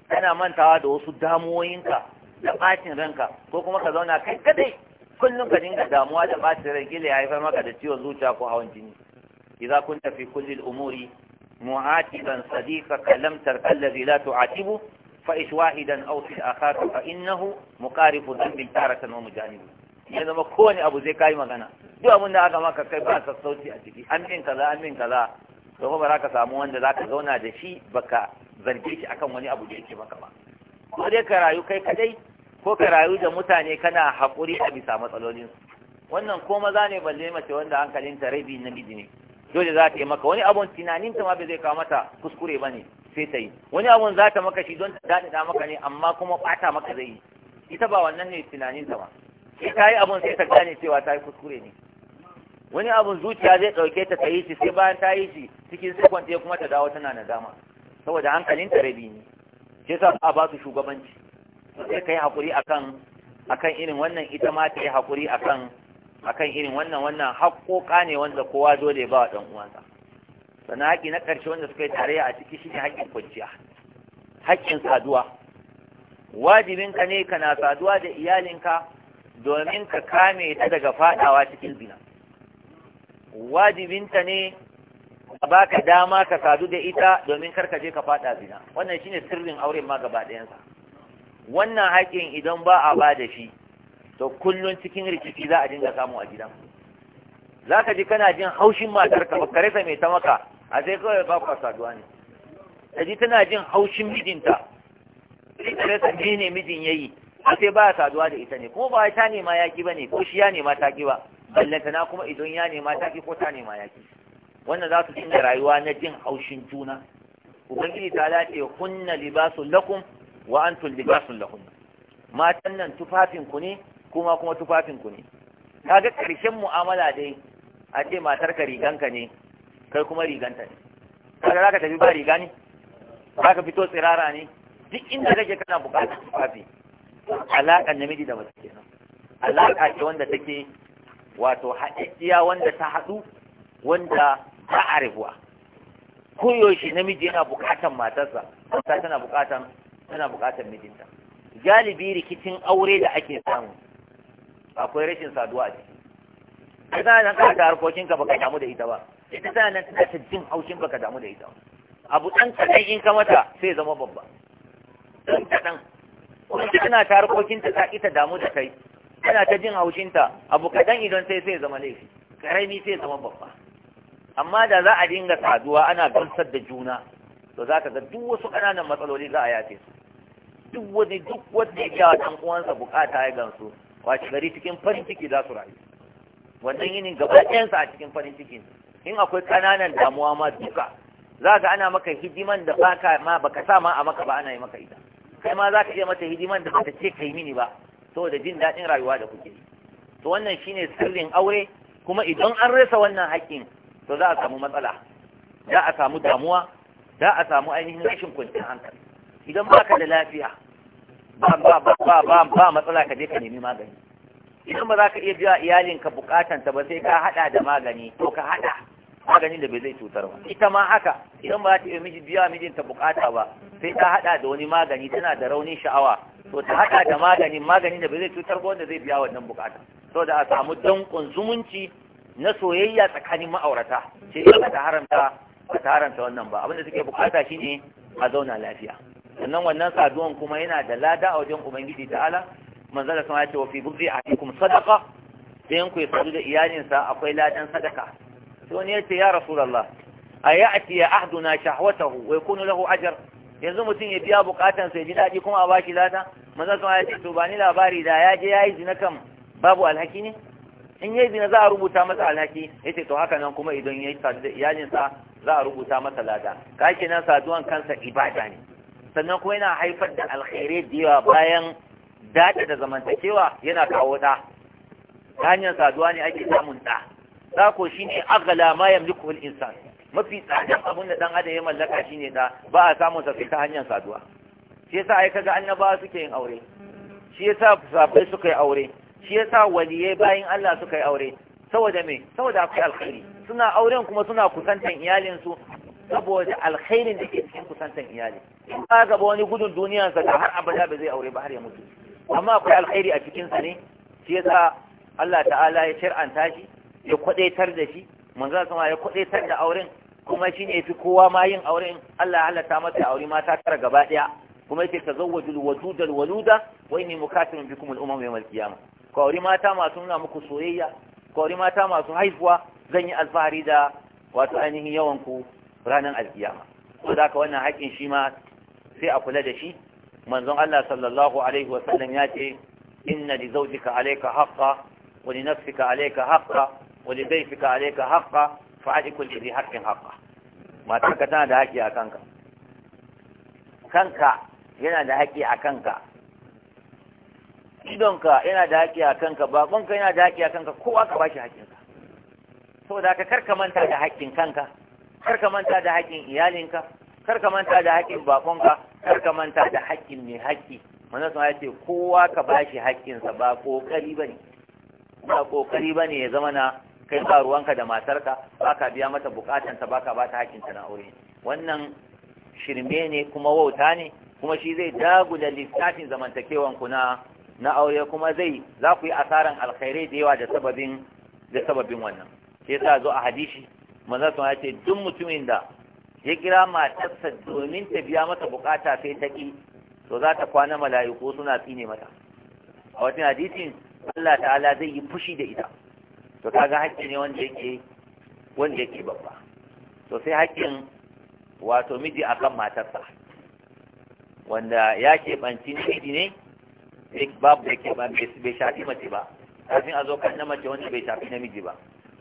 kana mantawa da wasu damuwoyinka da ɓacin ranka ko kuma ka zauna kai kadai kullum ka dinga damuwa da ɓacin ran gila ya haifar maka da ciwon zuciya ko hawan jini idza kunta fi kulli al-umuri mu'atiban sadiqaka lam tarqa alladhi la tu'atibu fa wahidan aw fi akhaka fa innahu muqarifu dhanbin taratan wa mujanib ya zama kowane abu zai kai magana duk abin da aka maka kai ba sauti a ciki an min kaza an min kaza don ba za ka samu wanda za ka zauna da shi baka zarge shi akan wani abu da yake maka ba ko dai ka rayu kai kadai ko ka rayu da mutane kana haƙuri a bisa matsalolin wannan ko maza ne balle mace wanda hankalinta rabi miji ne dole za ta yi maka wani abun tunaninta ma bai zai kawo mata kuskure ba ne sai ta yi wani abun za ta maka shi don ta da maka ne amma kuma ɓata maka zai yi ita ba wannan ne tunaninta ba sai ta yi abun sai ta gane cewa ta yi kuskure ne wani abun zuciya zai ɗauke ta ta yi shi sai bayan ta yi shi cikin sakon ta kuma ta dawo tana nadama saboda hankalin ta rabi ne shi yasa a ba su shugabanci sai kai hakuri akan akan irin wannan ita ma ta yi hakuri akan akan irin wannan wannan haƙoƙa ne wanda kowa dole ba wa ɗan uwansa sannan haƙi na ƙarshe wanda suka yi tarayya a ciki shi ne haƙƙin kwanciya haƙƙin saduwa wajibinka ne kana saduwa da iyalinka domin ka kame ta daga faɗawa cikin zina wajibinta ne a baka dama ka sadu da ita domin karka je ka fada zina wannan shine sirrin auren ma gaba ɗayansa wannan haƙin idan ba a ba da shi to kullun cikin rikici za a dinga samu a gidan za ka ji kana jin haushin ka ba kare mai ta maka a sai kawai ba ku saduwa ne ka ji tana jin haushin mijinta sai kare sa ne mijin yayi a sai ba saduwa da ita ne kuma ba ta nema yaƙi ba ne ko shi ya nema ta ƙi ba ballantana kuma idan ya nema ta ki ko ta nema ya ki wannan za su dinga rayuwa na jin haushin juna ubangiji ta lace kunna libasun lakum wa antum libasun lahum matan nan tufafin ku ne kuma kuma tufafin ku ne kaga karshen mu'amala dai a ce matar ka riganka ne kai kuma riganta ne kaga zaka tafi ba riga ne zaka fito tsirara ne duk inda kake kana bukatar tufafi alaƙar namiji da mace kenan alaƙa ce wanda take wato haɗaɗɗiya wanda ta haɗu wanda ba a rabuwa koyaushe namiji yana buƙatar matarsa mata tana buƙatar tana buƙatar mijinta galibi rikicin aure da ake samu akwai rashin saduwa a ciki kana nan kana harkokin ka baka damu da ita ba ita tana nan tana ta jin haushin baka damu da ita abu ɗan kaɗan in ka mata sai zama babba ɗan kaɗan wanda tana ta harkokinta ta ita damu da kai kana ta jin haushinta abu kaɗan idan sai sai zama laifi karami sai zama babba amma da za a dinga saduwa ana gamsar da juna to za ka ga duk wasu ƙananan matsaloli za a yace su duk wani duk wanda ya jawa ɗan uwansa bukata ya gamsu wace gari cikin farin ciki za su rayu wannan yinin gaba ɗayansa a cikin farin ciki in akwai ƙananan damuwa ma duka za ka ana maka hidiman da baka ma baka sa ma a maka ba ana yi maka ita kai ma za ka iya mata hidiman da ba ta ce kai mini ba saboda jin daɗin rayuwa da kuke yi. to wannan shine sirrin aure kuma idan an rasa wannan haƙƙin to za a samu matsala za a samu damuwa za a samu ainihin rashin kwanciyar hankali idan baka da lafiya ba ba ba ba ba matsala ka je ka nemi magani idan ba za ka iya biya iyalinka bukatanta ba sai ka haɗa da magani to ka haɗa. maganin da bai zai cutar ba ita ma haka idan ba za ta iya miji biya mijinta bukata ba sai ta hada da wani magani tana da raunin sha'awa to ta hada da maganin maganin da bai zai cutar ba wanda zai biya wannan bukata da a samu dankon zumunci na soyayya tsakanin ma'aurata sai ba ta haramta ba ta haramta wannan ba abinda suke bukata shine a zauna lafiya sannan wannan saduwan kuma yana da lada a wajen ubangiji ta'ala manzala sama ya ce wa fi bubri a sadaka sai yanku ya sadu da iyalinsa akwai ladan sadaka wani ya ce ya rasulullah a ya ahduna shahwatahu wa yakunu lahu ajr yanzu mutum ya biya bukatan sai ji daɗi kuma a bashi lada manzo sun ya ce to ba ni labari da ya je yayi zina kam babu alhaki ne in yayi zina za a rubuta masa alhaki yace to haka nan kuma idan yayi sadda iyalin sa za a rubuta masa lada ka kenan saduwan kansa ibada ne sannan kuma yana haifar da alkhairi da yawa bayan daɗa da zamantakewa yana kawo da hanyar saduwa ne ake samun da tsako shine aghla ma yamliku al insan mafi tsadan abin da dan adam ya mallaka shine da ba a samun sa ta hanyar saduwa shi yasa ai kaga annabawa suke yin aure shi yasa sahabbai suka yi aure shi yasa waliyai bayin Allah suka yi aure saboda me saboda akwai alkhairi suna auren kuma suna kusantan iyalinsu saboda alkhairin da ke cikin kusantan iyali in ba gaba wani gudun sa da har abada ba zai aure ba har ya mutu amma akwai alkhairi a cikinsa ne shi yasa Allah ta'ala ya shar'anta shi ya kwadaitar da shi manzo sama ya kwadaitar da auren kuma shi ne fi kowa ma yin auren Allah ya halatta masa aure mata tara gaba daya kuma yake tazawwajul wadudal waluda wa inni mukatirun bikum al umam yawm al qiyamah ku aure mata masu nuna muku soyayya ku aure mata masu haihuwa zan yi alfahari da wato ainihin yawan ku ranar alkiyama ko da ka wannan haƙin shi ma sai a kula da shi manzon Allah sallallahu alaihi wa sallam ya ce inna li zawjika alayka haqqan wa li nafsika alayka haqqan wani bai fi kare ka haƙa fa'aɗi kulli zai haƙin haƙa matarka tana da haƙƙi a kanka kanka yana da haƙƙi a kanka idonka yana da haƙƙi a kanka baƙonka yana da haƙƙi a kanka kowa ka ba shi haƙinka da ka karka manta da haƙƙin kanka karka manta da haƙƙin iyalinka karka manta da haƙin baƙonka karka manta da haƙin mai haƙi manzon ya ce kowa ka ba shi haƙƙinsa ba ƙoƙari ba ne ba ƙoƙari ba ne ya zama na kai ba ruwanka da matarka baka biya mata bukatanta baka ba ta hakinta na aure wannan shirme ne kuma wauta ne kuma shi zai dagula littafin zamantakewan ku na na aure kuma zai za ku yi asaran alkhairai da yawa da sababin da sababin wannan shi yasa zo a hadisi manzo sun yace duk mutumin da ya kira matarsa domin ta biya mata bukata sai ta ki to za ta kwana mala'iku suna tsine mata a wata hadisin Allah ta'ala zai yi fushi da ita to kaga haƙƙi ne wanda yake wanda yake babba to sai haƙƙin wato miji akan matarsa wanda ya ke banci miji ne babu da ke ban bai shafi mace ba kafin a zo kan na mace wanda bai shafi namiji ba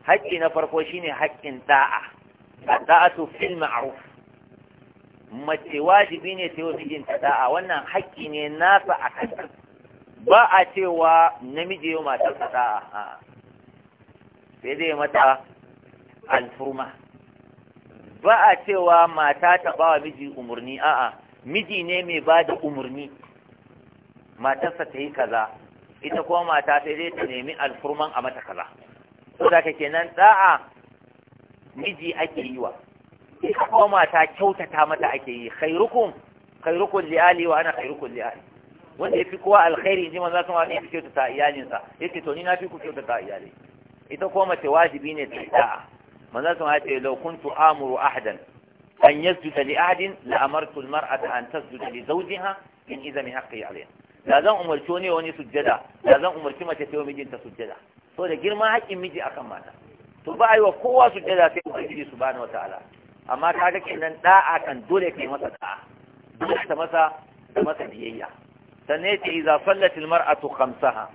haƙƙi na farko shine haƙƙin da'a to fil ma'ruf mace wajibi ne ta yi ta da'a wannan haƙƙi ne nasa a kan ba a cewa namiji yau matarsa da'a sai zai mata alfurma ba a cewa mata ta ba wa miji umarni a'a miji ne mai ba da umarni matarsa ta yi kaza ita kuma mata sai zai ta nemi alfurman a mata kaza Ko da kake nan da'a miji ake yi wa ita kuma mata kyautata mata ake yi khairukum khairukum li ali wa ana khairukum li ali wanda yafi kowa alkhairi ji manzo sun wani yafi kyautata iyalinsa Yake to ni na fi ku kyautata iyalinsa ita ko mace wajibi ne ta da'a manzo sun ce law kuntu amuru ahadan an yasjuda li ahadin la amartu al mar'ata an tasjuda li zawjiha in idza min haqqi alayha da zan umarci wani wani sujjada da zan umarci mace ta yi mijinta sujjada so da girman haƙƙin miji akan mata to ba a yi wa kowa sujjada sai ubangiji subhanahu wataala amma ta ga kenan da'a kan dole kai masa da'a dole ta masa ta masa biyayya sannan yace idza sallat al mar'atu khamsaha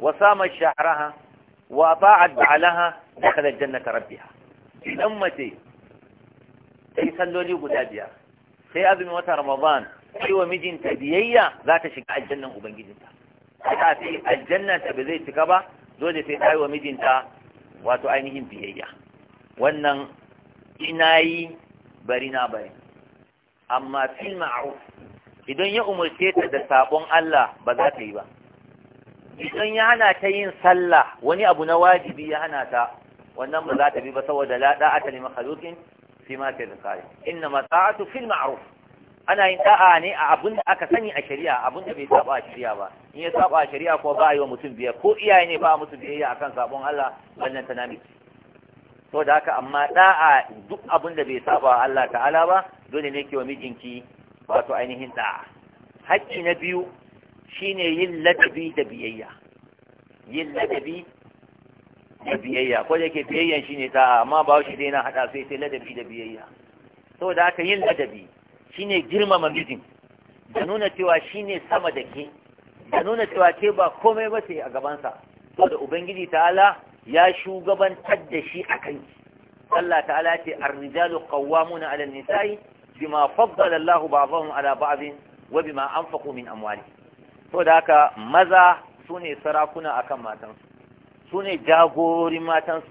wa sama shahraha wa ba'ad ba'alaha dakhala jannata rabbiha idan mace sai salloli guda biyar sai azumin wata ramadan sai wa mijinta biyayya za ta shiga aljannan ubangijinta ta fi ta ba zai cika ba dole sai ta yi wa mijinta wato ainihin biyayya wannan ina yi bari na bari amma fil ma'ruf idan ya umarce ta da sabon Allah ba za ta yi ba idan ya hana ta yin sallah wani abu na wajibi ya hana ta wannan ba za ta bi ba saboda la ta li makhluqin fi ma tilqari inna ma ta'atu fil ma'ruf ana yin da'a ne a abin da aka sani a shari'a abin da bai saba a shari'a ba in ya saba a shari'a ko ba a yi wa mutum biyar ko iyaye ne ba mutum biyayya akan sabon Allah wannan ta nami to da haka amma da'a duk abin da bai saba Allah ta'ala ba dole ne ke wa mijinki wato ainihin da'a hakki na biyu shine yin ladabi da biyayya yin ladabi da biyayya ko da ke biyayyan shine ta amma ba shi dai na hada sai sai ladabi da biyayya saboda haka yin ladabi shine girmama mijin da nuna cewa shine sama da ke da nuna cewa ke ba komai ba sai a gabansa saboda ubangiji ta'ala ya shugabantar da shi a kan Allah ta'ala ce ar-rijalu qawwamuna 'ala an-nisa'i bima faddala Allahu ba'dahum 'ala ba'din wa bima anfaqu min amwalihim so da haka maza su ne sarakuna akan matansu su ne jagorin matansu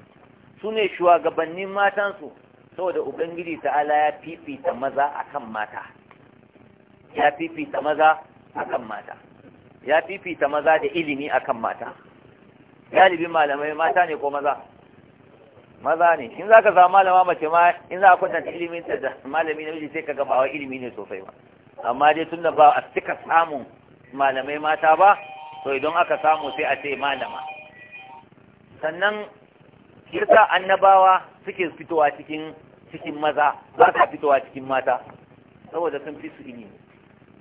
su ne shugabannin matansu saboda ubangiji ta'ala ya fifita maza akan mata ya fifita maza akan mata ya fifita maza da ilimi akan mata galibin malamai mata ne ko maza maza ne in za ka zama malama mace ma in za a kwatanta ilimin ta da malami na miji sai ka gaba wa ilimi ne sosai ba amma dai da ba a cika samun malamai mata ba to idan aka samu sai a ce malama sannan yasa annabawa suke fitowa cikin cikin maza ba sa fitowa cikin mata saboda sun fi su ilimi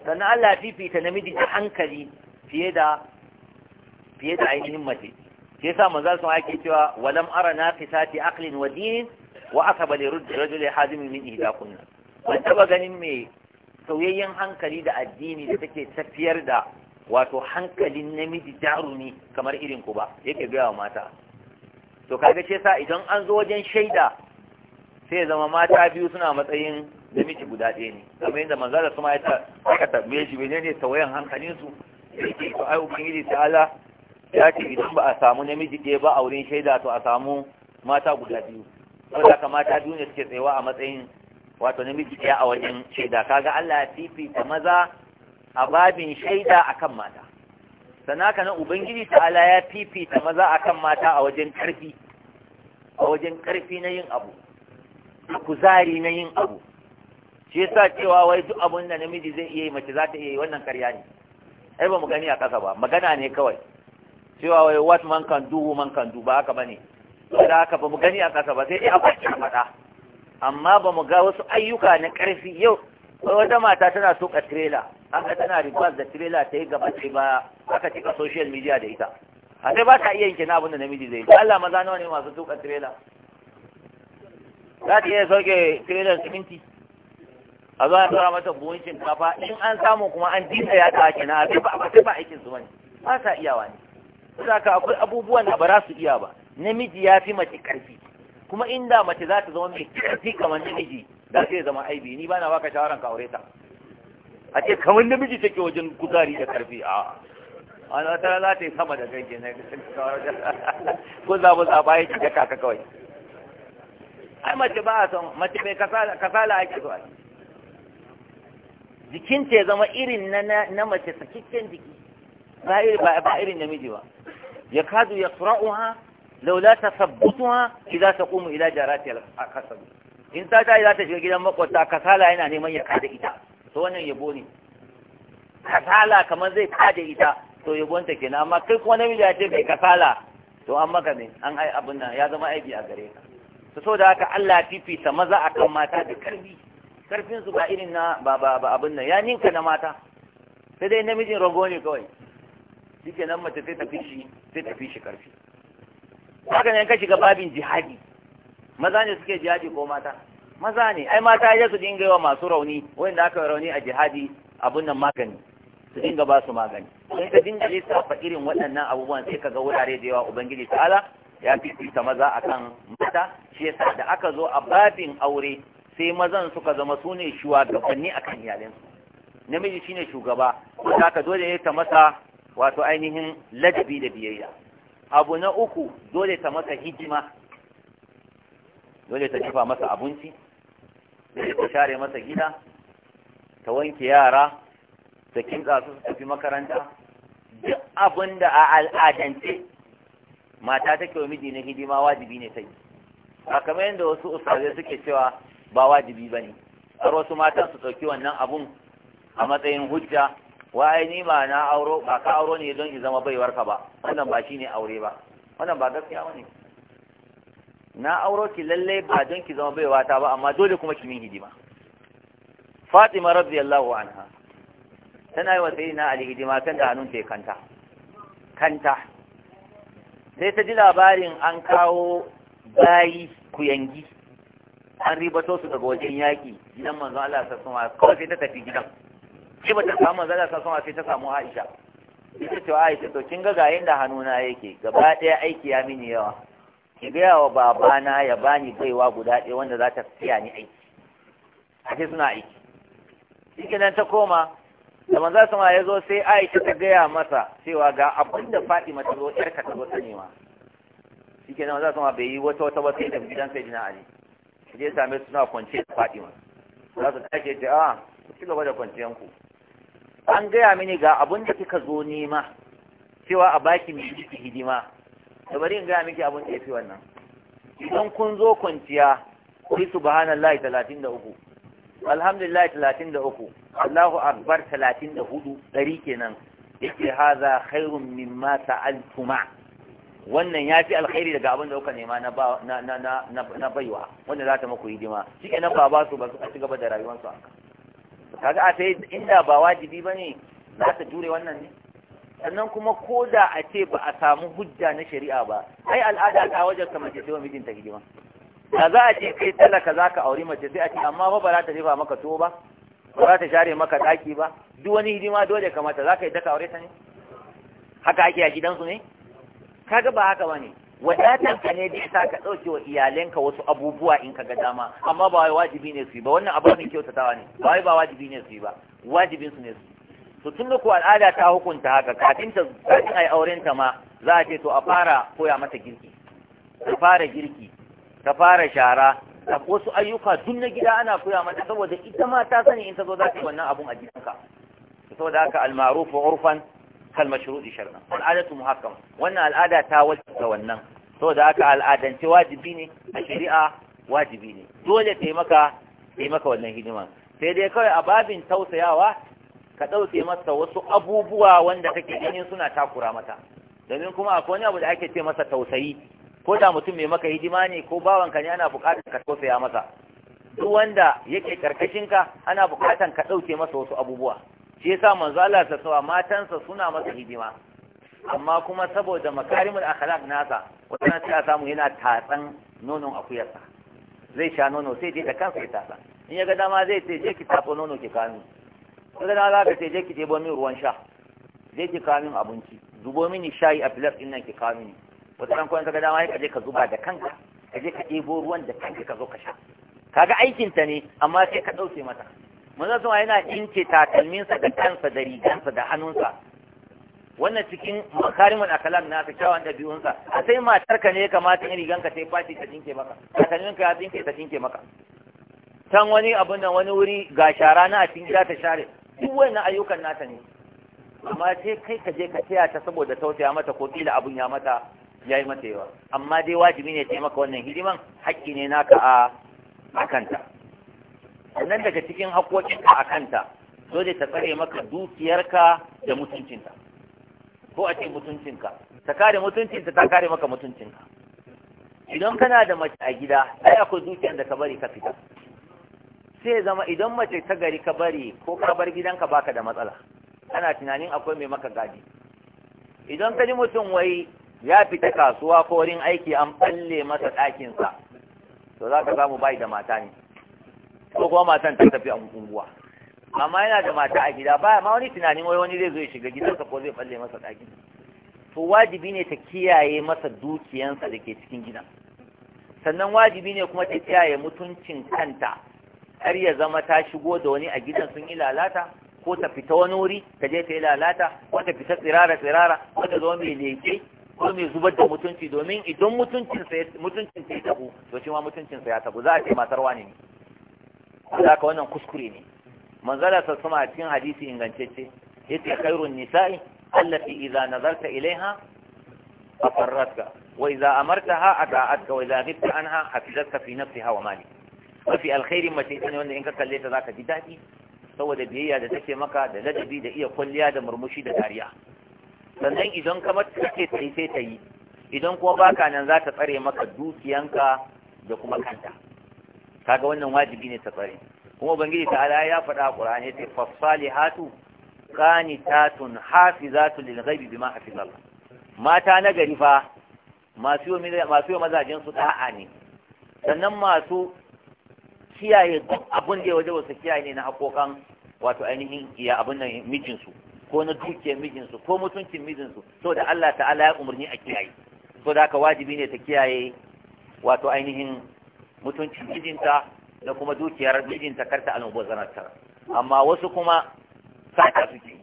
sannan Allah fifita namiji ta hankali fiye da fiye da ainihin mace shi yasa maza sun ake cewa walam ara na naqisati aqlin wa din wa asaba li rajul hazim min ihda kunna ban taba ganin mai sauyayyen hankali da addini da take tafiyar da wato hankalin namiji jarumi kamar irin ku ba yake gaya wa mata to kaga ce sa idan an zo wajen shaida sai ya zama mata biyu suna matsayin namiji guda ɗaya ne kamar yadda manzo da kuma ya ta aka tabbe shi menene sauyayyen hankalin su yake to ai da ta'ala ya ce idan ba a samu namiji ɗaya ba a wurin shaida to a samu mata guda biyu saboda kamata mata biyu ne suke tsayawa a matsayin wato namiji ɗaya a wajen shaida kaga Allah ya fifita maza a babin shaida akan mata sannan na ubangiji ta'ala ya fifita maza akan mata a wajen karfi a wajen karfi na yin abu A kuzari na yin abu shi yasa cewa wai duk abin da namiji zai iya yi mace za ta iya yi wannan karya ne ai ba mu gani a kasa ba magana ne kawai cewa wai what man can do woman can do ba haka bane da haka ba mu gani a ƙasa ba sai dai a a faɗa amma ba mu ga wasu ayyuka na ƙarfi yau wata mata tana soka tirela haka tana request da tirela ta yi gaba ce ba aka cika social media da ita a sai ba ta iya yanke na abin da namiji zai yi Allah maza nawa ne masu soka tirela za ta iya sauke tirelar siminti a zuwa tura mata buhun shinkafa in an samu kuma an dina ya ta kina a sai ba aikin su bane ba ta iyawa ne saka akwai abubuwan da ba za su iya ba namiji ya fi mace ƙarfi kuma inda mace za ta zama mai ƙarfi kamar namiji da sai zama aibi ni ba na baka shawaran ka aure ta a ce kamar namiji take wajen kuzari da ƙarfi a an wata za ta yi sama da gaje na *laughs* ko za mu zaba ya shiga ka kawai ai mace ba a son mace mai kasala ake zuwa jikin ta zama irin na na mace sakikken jiki ba irin namiji ba ya kazu ya sura'uha laula tasabbutuha idza taqumu ila jarati al-kasab in ta za ta shiga gidan makwata kasala yana neman ya kada ita kasala kamar zai kada ita to yabonta kenan amma kai kuma namiji ya ce bai kasala to an maka ne an ai abin nan ya zama aibi a gare ka to saboda haka Allah ya fifita maza akan mata da karfi karfin ba irin na ba ba ba abin nan ya ninka na mata sai dai namijin rago ne kawai shikenan mace sai ta fi shi karfi haka ne ka shiga babin jihadi maza ne suke jihadi ko mata maza ne ai mata ya su dinga yawa masu rauni wanda aka rauni a jihadi abun nan magani su dinga ba su magani sai ka dinga lissafa irin waɗannan abubuwan sai ka ga wurare da yawa ubangiji ta'ala ya fifita maza akan mata shi yasa da aka zo a babin aure sai mazan suka zama su ne shugabanni akan iyalinsu namiji shine shugaba za ka dole ne ta masa wato ainihin ladabi da biyayya abu na uku dole ta masa hijima dole ta kifa masa abinci dole ta share masa gida ta wanke yara ta kintsa su tafi makaranta duk abin da a al'adance mata take wa miji na hidima wajibi ne ta yi a kamar yadda wasu ustazai suke cewa ba wajibi ba ne har wasu matan su ɗauki wannan abun a matsayin hujja waye ni ma na auro ba ka auro ne don ki zama baiwar ka ba wannan ba shine aure ba wannan ba gaskiya bane na auro ki lalle ba don ki zama baiwa ta ba amma dole kuma ki min hidima Fatima radiyallahu anha tana yi wa sayyidina Ali hidima kan da hannun ta kanta kanta sai ta ji labarin an kawo bayi kuyangi an ribato su daga wajen yaki, gidan manzon Allah sallallahu alaihi wasallam kawai sai ta tafi gidan ba ta samu zaga sa sama sai ta samu Aisha ita ce Aisha to kin ga ga yanda hannuna yake gaba ɗaya aiki ya mini yawa ki gaya wa babana ya bani baiwa guda ɗaya wanda za ta siya ni aiki ce suna aiki shi nan ta koma da manzo sama ya zo sai Aisha ta gaya masa cewa ga abin da Fatima ta zo yarka ta zo ta nema shi nan manzo sama bai yi wata wata wata da gidan sai jina Ali je same su suna kwance da Fatima za su tashi ce a ah, ku ci gaba da kwanciyanku an gaya mini ga abin da kika zo nema cewa a baki mai ciki hidima da bari in gaya miki abin da ya fi wannan idan kun zo kwanciya kuri subhanallahi talatin da uku alhamdulillah talatin da uku allahu akbar talatin da hudu ɗari kenan yake haza khairun mimma ta'altuma wannan ya fi alkhairi daga abin da kuka nema na baiwa wanda za ta maku hidima shi kenan ba ba su ba su ci gaba da rayuwarsu haka kaga a sai inda ba wajibi bane za ta jure wannan ne sannan kuma ko da a ce ba a samu hujja na shari'a ba ai al'ada ta wajen ka mace sai wa mijinta hidima da za a ce kai talaka za ka auri mace sai a ce amma ba za ta jefa maka tuwo ba ba za ta share maka ɗaki ba duk wani hidima dole kamata za ka yi ta aure ta ne haka ake a gidansu ne kaga ba haka ba ne ka ne da isa ka ɗauke wa iyalanka wasu abubuwa in ka ga dama amma ba wajibi ne su yi ba wannan abu ne kyautatawa ne ba ba wajibi ne su yi ba wajibin su ne su to tun da ku al'ada ta hukunta haka kafin ta kafin ai auren ta ma za a ce to a fara koya mata girki ta fara girki ta fara shara ta wasu ayyuka duk na gida ana koya mata saboda ita ma ta sani in ta zo za ta yi wannan abun a gidanka saboda haka al-ma'ruf urfan kalmashruɗi shar'an al'adatu muhakkama wannan al'ada ta wajibta wannan saboda aka al'adance wajibi ne a shari'a wajibi ne dole ta maka ta maka wannan hidima sai dai kawai a babin tausayawa ka ɗauke masa wasu abubuwa wanda kake ganin suna takura mata domin kuma akwai wani abu da ake ce masa tausayi ko da mutum mai maka hidima ne ko bawanka ne ana buƙatar ka tausaya masa duk wanda yake ka ana buƙatar ka ɗauke masa wasu abubuwa shi yasa manzo Allah ta sawa matansa suna masa hidima amma kuma saboda makarimul akhlaq nasa wannan ta samu yana tatsan nonon akuyarsa zai sha nono sai je da kansa ya tatsa in ya ga dama zai ce je ki tatso nono ki kanu kaga na za ka ce je ki je min ruwan sha je ki kamin abinci zubo mini shayi a filas ɗin nan ki kamin wata ran kwan ga dama ka je ka zuba da kanka ka je ka ɗebo ruwan da kanka ka zo ka sha kaga aikinta ne amma sai ka ɗauke mata manzon sama yana ɗinke takalminsa da kansa da rigansa da hannunsa wannan cikin makarimin akalam nasa da biyunsa a sai matarka ne ya kamata in riganka ta yi fashi ta ɗinke maka takalminka ya ɗinke ta ɗinke maka can wani abin nan wani wuri ga shara na a cikin ta share duk wannan ayyukan nata ne amma sai kai ka je ka taya ta saboda tausaya mata ko kila abun ya mata ya yi mata yawa amma dai wajibi ne ta maka wannan hidiman haƙƙi ne naka a kanta sannan daga cikin haƙoƙinka a kanta dole ta tsare maka dukiyarka da mutuncinka, ko a ce mutuncinka ta kare mutuncinta ta kare maka mutuncinka idan kana da mace a gida ai akwai dukiyar da ka bari ka fita sai zama idan mace ta gari ka bari ko ka bar gidanka baka da matsala kana tunanin akwai mai maka gadi idan ka ji mutum wai ya fita kasuwa ko wurin aiki an balle masa ɗakinsa to za ka samu bai da mata ne ko kuma matan ta tafi a unguwa amma yana da mata a gida baya ma wani tunanin wai wani zai zo ya shiga gidansa ko zai balle masa ɗakin to wajibi ne ta kiyaye masa dukiyansa da ke cikin gida. sannan wajibi ne kuma ta kiyaye mutuncin kanta har ya zama ta shigo da wani a gidan sun yi lalata ko ta fita wani wuri ta je ta yi lalata ko ta fita tsirara tsirara ko ta zama mai leke ko mai zubar da mutunci domin idan mutuncinsa ya mutuncin tabu to shi ma mutuncinsa ya tabu za a ce matar wani ne Allah ka wannan kuskure ne manzala sa sama a cikin hadisi ce. yace khairun nisa'i allati idza nazarta ilaiha afarratka wa idza amartaha ata'atka wa idza ghibta anha hafizatka fi nafsiha wa mali wa fi alkhairi ma sai tana in ka kalle ta zaka ji dadi saboda biyayya da take maka da ladabi da iya kulliya da murmushi da dariya sannan idan ka mata kake tsaye ta yi idan kuwa baka nan za ta tsare maka dukiyanka da kuma kanta kaga wannan wajibi ne ta tsare kuma ubangiji ta'ala ya faɗa a qur'ani yace fasalihatu qanitatun hafizatu lil ghaibi bima hafizallah mata na gari fa masu masu mazajen su da'a ne sannan masu kiyaye duk abin da ya waje wasu kiyaye ne na hakokan wato ainihin iya abin nan mijinsu ko na mijin mijinsu ko mutuncin mijinsu so da Allah ta'ala ya umarni a kiyaye so da haka wajibi ne ta kiyaye wato ainihin mutuncin mijinta da kuma dukiyar mijinta karta almubazzarantar amma wasu kuma sata suke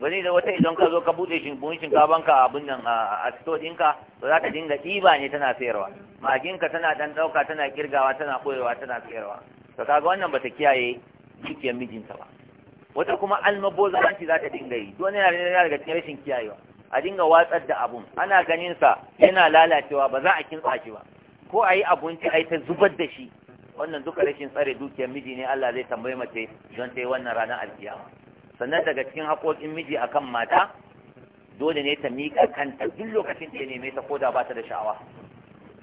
wani da wata idan ka zo ka bude shinkafin shinkabanka abin nan a sito dinka, to za ta dinga ɗiba ne tana sayarwa maginka tana ɗan ɗauka tana kirgawa tana koyarwa, tana sayarwa to kaga wannan ta kiyaye dukiyar mijinta ba wata kuma almubazzaranci za ta dinga yi dole yana daga cikin rashin kiyayewa a dinga watsar da abun ana ganin sa yana lalacewa ba za a kintsa shi ba ko a yi abinci a yi ta zubar da shi wannan duka rashin tsare dukiyar miji ne Allah zai tambaye mace don ta yi wannan ranar alkiyama sannan daga cikin haƙoƙin miji akan mata dole ne ta miƙa kanta duk lokacin da ya neme ta ko da ba ta da sha'awa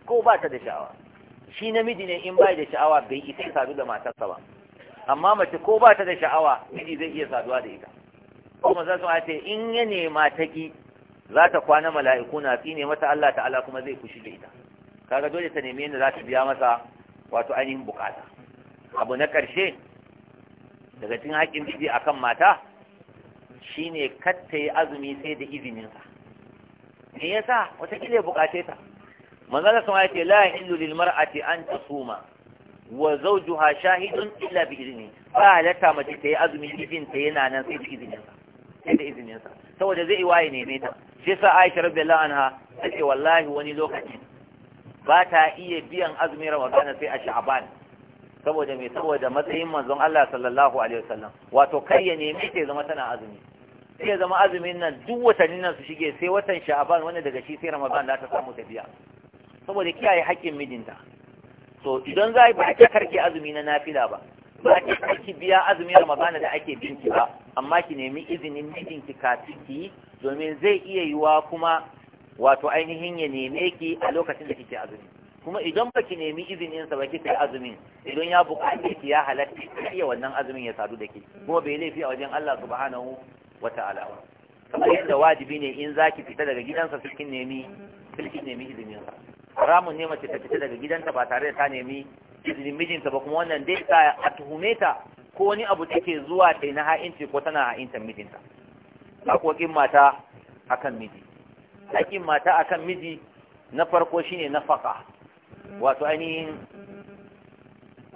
ko ba ta da sha'awa shi namiji ne in bai da sha'awa bai isa sadu da matarsa ba amma mace ko ba ta da sha'awa miji zai iya saduwa da ita kuma za su ce in ya nema ta ki za ta kwana mala'iku na tsine mata Allah ta'ala kuma zai kushi da ita kaga dole ta nemi yadda za ta biya masa wato ainihin bukata abu na ƙarshe daga cikin haƙƙin biji akan mata shine katta yi azumi sai da izininsa me yasa wata kile buƙace ta manzala sama ce la illu lil mar'ati an tasuma wa zawjuha shahidun illa bi izni ba halatta mace ta yi azumi izin ta yana nan sai da izininsa sai da izininsa saboda zai waye ne ne ta sai sa Aisha radiyallahu anha ce wallahi wani lokaci ba ta iya biyan azumin ramadana sai a sha'aban saboda mai saboda matsayin manzon Allah sallallahu alaihi wasallam wato kai ya nemi ke zama tana azumi sai zama azumin nan duk watannin nan su shige sai watan sha'aban wanda daga shi sai ramadan za ta samu tafiya saboda kiyaye haƙƙin mijinta to idan za ba ki karki azumi na nafila ba ba ki karki biya azumin ramadan da ake binki ba amma ki nemi izinin mijinki kafin ki domin zai iya yiwa kuma wato ainihin ya neme ki a lokacin da kike azumi kuma idan baki nemi izinin sa ba kai azumin idan ya buƙaci ki ya halatta ki iya wannan azumin ya sadu da ke kuma bai laifi a wajen Allah subhanahu wata'ala ba kamar yadda wajibi ne in zaki fita daga gidansa sulkin nemi sulkin nemi izinin sa haramun ne mace ta fita daga gidanta ba tare da ta nemi izinin mijinta ba kuma wannan dai ta a tuhume ta ko wani abu take zuwa ta na ha'inci ko tana ha'intar mijinta kin mata akan miji haƙƙin mata akan miji na farko shine nafaka wato ainihin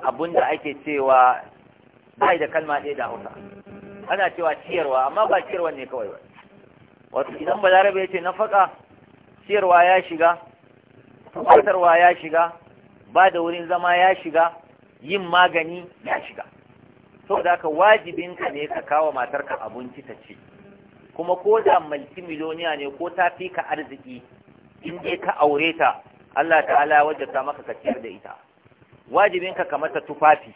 abunda ake cewa bai da kalma ɗaya da hausa ana cewa ciyarwa amma ba ciyarwa ne kawai ba wato idan balarabe ya ce nafaka ciyarwa ya shiga tubatarwa ya shiga ba da wurin zama ya shiga yin magani ya shiga saboda haka wajibinka ne ka kawo matarka abinci ta ci kuma ko da miliyoniya ne ko ta fi ka arziki in dai ka aure ta Allah ta'ala ya ta maka ka ciyar da ita wajibinka ka mata tufafi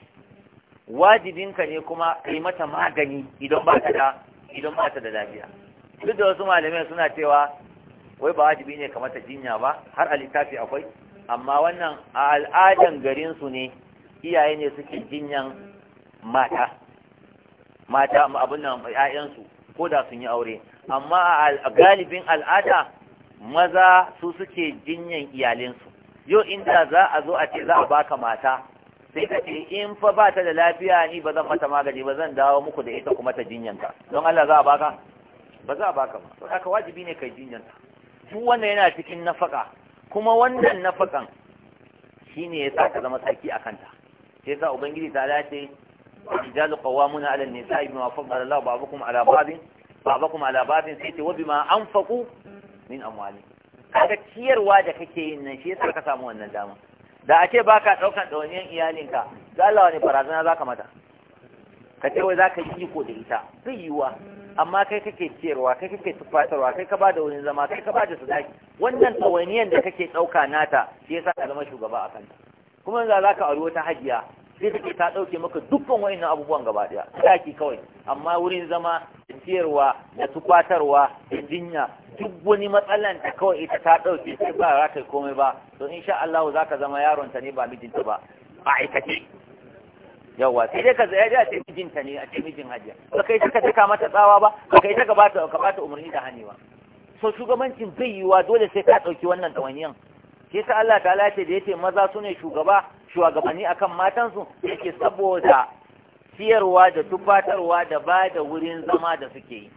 wajibinka ne kuma kai mata magani idan ba ta da idan ba ta da lafiya duk da wasu malamai suna cewa wai ba wajibi ne ka mata jinya ba har a littafi akwai amma wannan a al'adan garinsu ne iyaye ne suke jinyan mata mata abin nan 'ya'yansu ko da sun yi aure amma a galibin al'ada maza su suke jinyan iyalinsu yau inda za a zo a ce za a baka mata sai ka ce in fa ba ta da lafiya ni ba zan mata magani ba zan dawo muku da ita kuma ta jinyanta don Allah za a baka ba za a baka ba don haka wajibi ne kai jinyanta duk wanda yana cikin nafaka kuma wannan nafakan shine sa ka zama saki a kanta sai sa ubangiji ta lace الرجال قوامون على النساء بما فضل الله بعضكم على بعض بعضكم على بعض سيتي وبما أنفقوا من أموالهم kaga ciyarwa da kake yin nan shi yasa ka samu wannan dama da a ce baka daukan ɗawainiyar iyalinka ga Allah wani barazana zaka mata ka ce wai zaka yi iko da ita zai yiwa amma kai kake ciyarwa kai kake tufatarwa kai ka ba da wurin zama kai ka ba da sadaki wannan ɗawainiyar da kake ɗauka nata shi yasa ka zama shugaba a kanta kuma yanzu za ka auri wata hajiya sai take ta ɗauke maka dukkan wayannan abubuwan gaba daya daki kawai amma wurin zama da ciyarwa da tukwatarwa da jinya duk wani matsalan ta kawai ita ta dauke sai ba za ka komai ba to insha Allah za ka zama yaron ta ne ba mijinta ba a aikace yawa sai dai ka zai a ce mijinta ne a ce mijin hajiya ba kai ta ka taka mata tsawa ba ba kai ta ka bata ka bata umarni da hanewa so shugabancin bai yiwa dole sai ka ɗauki wannan tawaniyan shi ta Allah ta ce da yace maza su ne shugaba shugabanni akan matansu yake saboda siyarwa da tufatarwa da ba da wurin zama da suke yi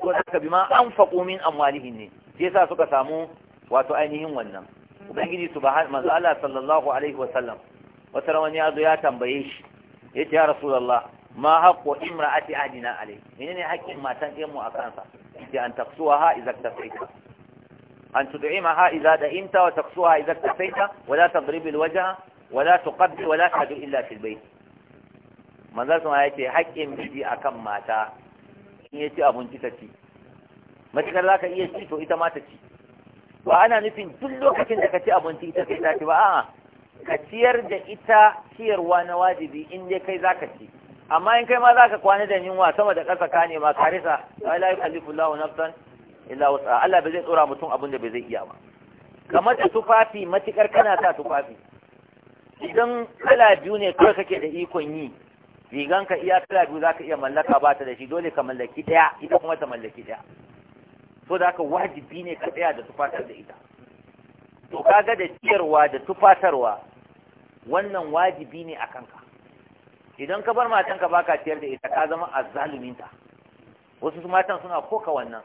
ko da bi ma an faƙo min amwalihin ne shi yasa suka samu wato ainihin wannan ubangiji subhanahu manzo Allah sallallahu alaihi wa sallam wata rawani ya zo ya tambaye shi yace ya rasulullah ma haqqu imra'ati ahdina alai menene haƙƙin matan ɗayan mu a kansa yace an taksuha idza tafaita an tud'imaha idza da'imta wa taksuha idza tafaita wa la tadrib alwajha wala tuqabbi wala tahdu illa fil bayt manzo sun ya ce haƙƙin miji akan mata in ya ci abinci ta ci matukar zaka iya ci to ita ma ta ci ba ana nufin duk lokacin da ka ci abinci ita kai ta ci ba a'a ka ciyar da ita ciyarwa na wajibi in dai kai zaka ci amma in kai ma zaka kwana da yunwa sama da ƙasa ka ne ma karisa. wa la yukallifu Allahu nafsan illa wus'aha Allah bai zai tsora mutum abin da bai zai iya ba kamar tufafi matikar kana sa tufafi idan kala biyu ne kawai kake da ikon yi rigan ka iya kala biyu za ka iya mallaka ba ta da shi dole ka mallaki ɗaya ita kuma ta mallaki ɗaya so da haka wajibi ne ka tsaya da tufatar da ita to kaga da ciyarwa da tufatarwa wannan wajibi ne a kanka idan ka bar matan ka baka ciyar da ita ka zama azzaluminta wasu matan suna koka wannan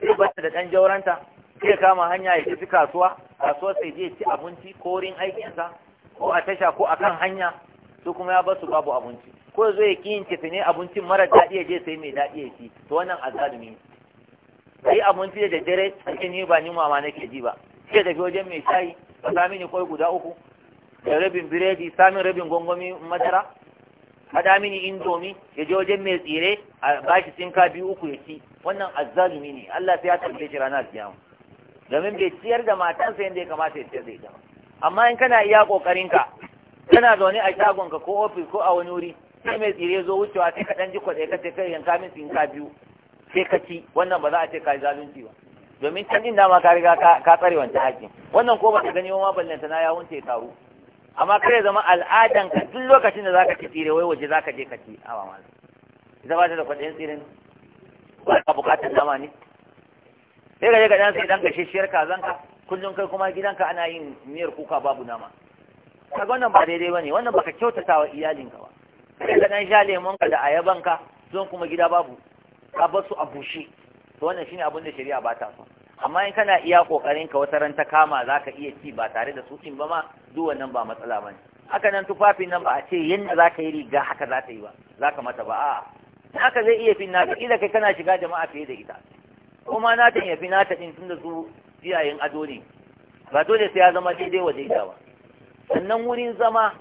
sai bata da ɗan jauranta sai kama hanya ya tafi kasuwa kasuwar sai je ci abinci ko wurin aikinsa ko a tasha ko a kan hanya su kuma ya basu babu abinci ko zo ya ki yin ne abincin mara daɗi ya je sai mai daɗi ya ci to wannan azalumi ne. yi abinci da daddare a ni ba ni mama nake ji ba sai tafi wajen mai shayi ba sami ni kwai guda uku da rabin biredi samun rabin gwangwami madara haɗa mini indomi ya je wajen mai tsire a bashi sinka biyu uku ya ci wannan azalumi ne Allah sai ya tambaye shi ranar kiyama domin bai ciyar da matansa yadda ya kamata ya ciyar da ita ba amma in kana iya kokarinka kana zaune a shagonka ko ofis ko a wani wuri sai mai tsire zo wucewa sai ka danji ji kwaɗe ka sai kai yanka min ka biyu sai ka ci wannan ba za a ce ka zalunci ba domin can din dama ka riga ka tsare wancan haƙƙi wannan ko ba ka gani ma ballanta na ya wunce taru amma kar ya zama al'adan ka duk lokacin da zaka ci tsire wai waje zaka je ka ci a ba mal ita ba ta da kwaɗayin tsirin ba ka bukatar dama ne sai ka je ka dan sai dan gashishiyar kazanka kullum kai kuma gidanka ana yin miyar kuka babu nama kaga wannan ba daidai bane wannan baka kyautata wa iyalinka ba kai ka dan sha lemonka da ayabanka don kuma gida babu ka bar su a bushe to wannan shine abin da shari'a ba ta so amma in kana iya kokarin ka wata ran ta kama zaka iya ci ba tare da sukin ba ma duk wannan ba matsala bane haka nan tufafin nan ba a ce yanda zaka yi riga haka za ta yi ba zaka mata ba a'a haka zai iya fina ka ila kai kana shiga jama'a fiye da ita kuma na ta iya fina ta din tunda su iyayen ado ne ba dole sai ya zama daidai wa daida ba sannan wurin zama